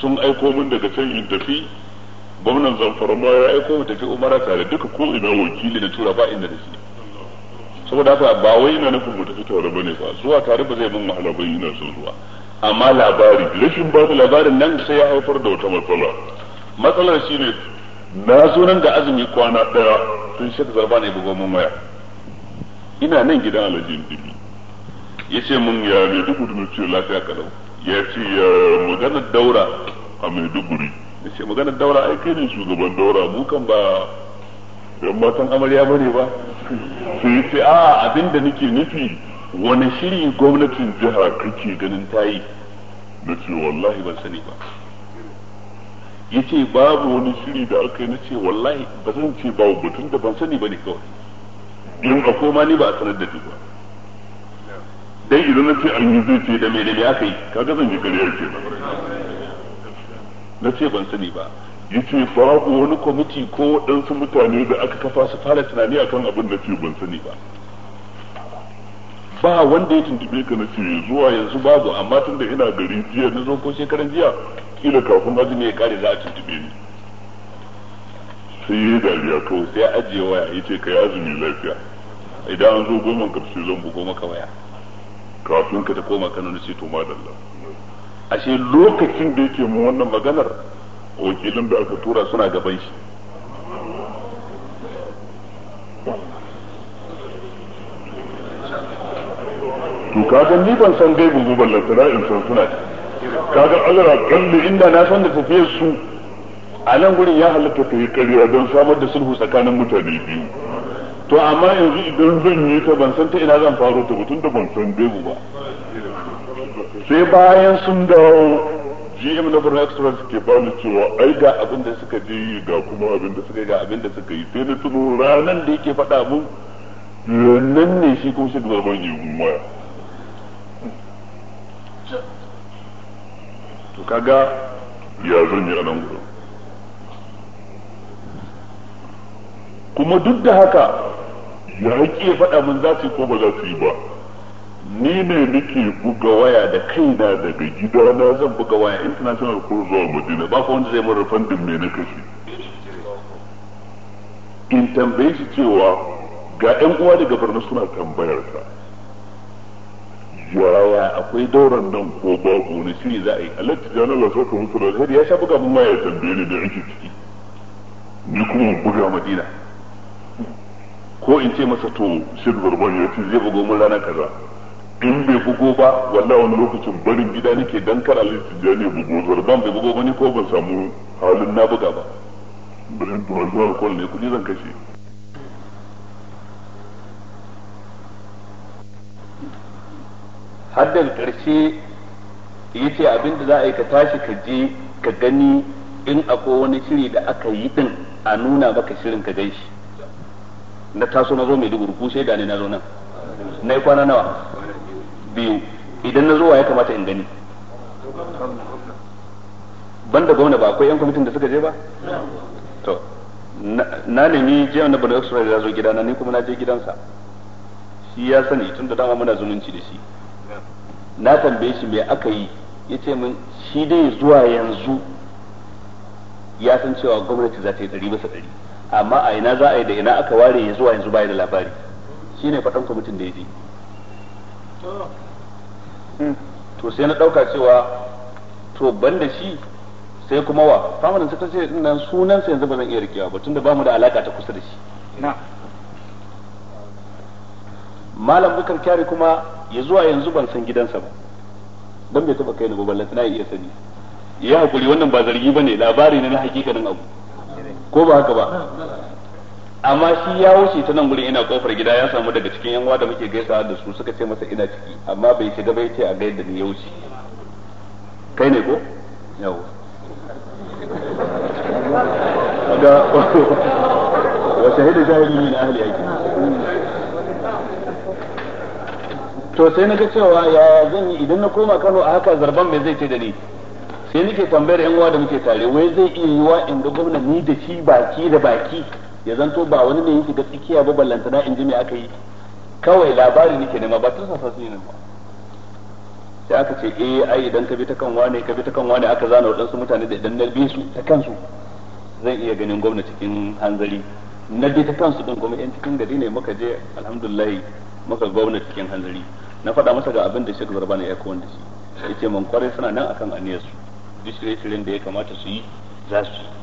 Speaker 1: sun aiko min daga can in tafi gwamnan zamfara ma ya aiko mu tafi umara tare duka ko ina wakili da tura ba inda da shi saboda haka ba wai ina nufin mu tafi tare ne ba zuwa tare ba zai min wahala ba ina son zuwa amma labari rashin ba labarin nan sai ya haifar da wata matsala matsalar shine na zo nan da azumi kwana daya tun da zarba ne bugo mun waya ina nan gidan alhaji dubi ya ce mun ya mai duguri mai ce lafiya kalau ya ce ya maganar daura a mai duguri ya ce maganar daura ai kai ne shugaban daura mu kan ba yan matan amarya ba ne ba su yi ce a abinda nake nufi wani shiri gwamnatin jihar kake ganin tayi na ce wallahi ban sani ba yace babu wani shiri da aka yi na ce wallahi ba zan ce babu batun da ban sani ne kawai in a koma ni ba a sanar da ni ba dan idan na ce an yi zuciya da mai da me aka yi kaga zan yi kariyar ce na ce ban sani ba yace babu wani kwamiti ko waɗansu mutane da aka kafa su fara tunani akan abin da ce ban sani ba ba wanda ya tuntube ka na ce zuwa yanzu babu amma tun da ina gari jiya na zo ko shekaran jiya kila kafin azumi ya kare za a tuntube ni sai yi dariya to sai ajiye waya ya ce ka yi azumi lafiya idan an zo goma karshe zan bugo maka waya kafin ka ta koma kano na ce to ma dalla ashe lokacin da yake mu wannan maganar wakilin da aka tura suna gaban shi to kaga ni ban san gaibin gubar lantana in san suna kaga azara kalli inda na san da tafiyar su a nan gurin ya halatta ta yi karya don samar da sulhu tsakanin mutane biyu to amma yanzu idan zan yi ta ban san ta ina zan faro ta mutum da ban san gaibu ba sai bayan sun dawo GM na Borno Express ke bani cewa ai ga abin da suka je yi ga kuma abin da suka yi ga abin da suka yi sai na tuno ranar da yake faɗa mun nan ne shi kuma shi da zaman yi waya to kaga ya zan yi anan gudun? kuma duk da haka ya haƙi ya faɗa min za su yi ko ba za su yi ba ni ne nake buga waya da kaina daga gida na zan buga waya international ko zuwa madina ba fa wanda zai mara fandin me na kashe in tambaye shi cewa ga 'yan uwa daga birnin suna tambayar ka yaya akwai dauran nan ko babu wani shiri za a yi alatti da Allah sauka musu da alheri ya sha buga mun ma ya tambaye ni da ake ciki
Speaker 2: ni kuma buga
Speaker 1: madina ko in ce masa to silver ban ya ce zai bugo mun rana kaza in bai bugo ba wallahi wani lokacin barin gida nake dan kar alatti da ne bugo zarban bai bugo ba ni ko ban samu halin na buga ba barin to zuwa kwallo ne ni zan kashe har daga ƙarshe ya ce abinda za a yi ka tashi ka je ka gani in akwai wani shiri da aka yi din a nuna maka shirin ka gan shi na taso na zo mai dubu ku sai gane na zo nan na yi kwana nawa biyu idan na zo wa ya kamata in gani ban da gwamna ba akwai yan kwamitin da suka je ba to na nemi je na bane extra da zo gidana ni kuma na je gidansa shi ya sani tun da dama muna zumunci da shi na tambaye shi me aka yi ya ce min shi dai zuwa yanzu ya san cewa gwamnati za ta yi ɗari masa ɗari amma a ina za a yi da ina aka ware ya zuwa yanzu bayan da labari ne faɗan kwamitin da ya je hmm. to sai na ɗauka cewa to ban da shi sai kuma wa famanin ta ce nan sunansa yanzu ba zan iya rikewa ba tun da ba mu da alaka ta kusa da shi malam bukar kyari kuma ya zuwa yanzu ban san gidansa ba don bai taba kai ni ba na iya sani ya hakuri wannan ba zargi bane labari ne na hakikanin abu ko ba haka ba amma shi ya wuce ta nan gurin ina kofar gida ya samu daga cikin yan da muke gaisawa da su suka ce masa ina ciki amma bai shiga bai ce a da ni ya wuce kai ne ko yawo ga wa shahidu shahidi min ahli yake to sai na ga cewa ya zan yi idan na koma Kano a haka zarban mai zai ce da ni sai nake tambayar yan uwa da muke tare wai zai iya yiwa in ga gwamna ni da shi baki da baki ya zanto ba wani ne yake da tsikiya ba ballanta da in me aka yi kawai labari nake nema ba tun sasa su ne ba sai aka ce eh ai idan ka bi ta kan wane ka bi ta kan wane aka zana wadansu mutane da idan na bi su ta kansu zan iya ganin gwamna cikin hanzari na bi ta kansu din kuma yan cikin gari ne muka je alhamdulillah muka gwamna cikin hanzari na faɗa masa ga abin da Sheikh ne ya kowanne da shi yace man kwarai suna nan akan su duk shirye-shiryen da ya kamata
Speaker 3: su yi za su yi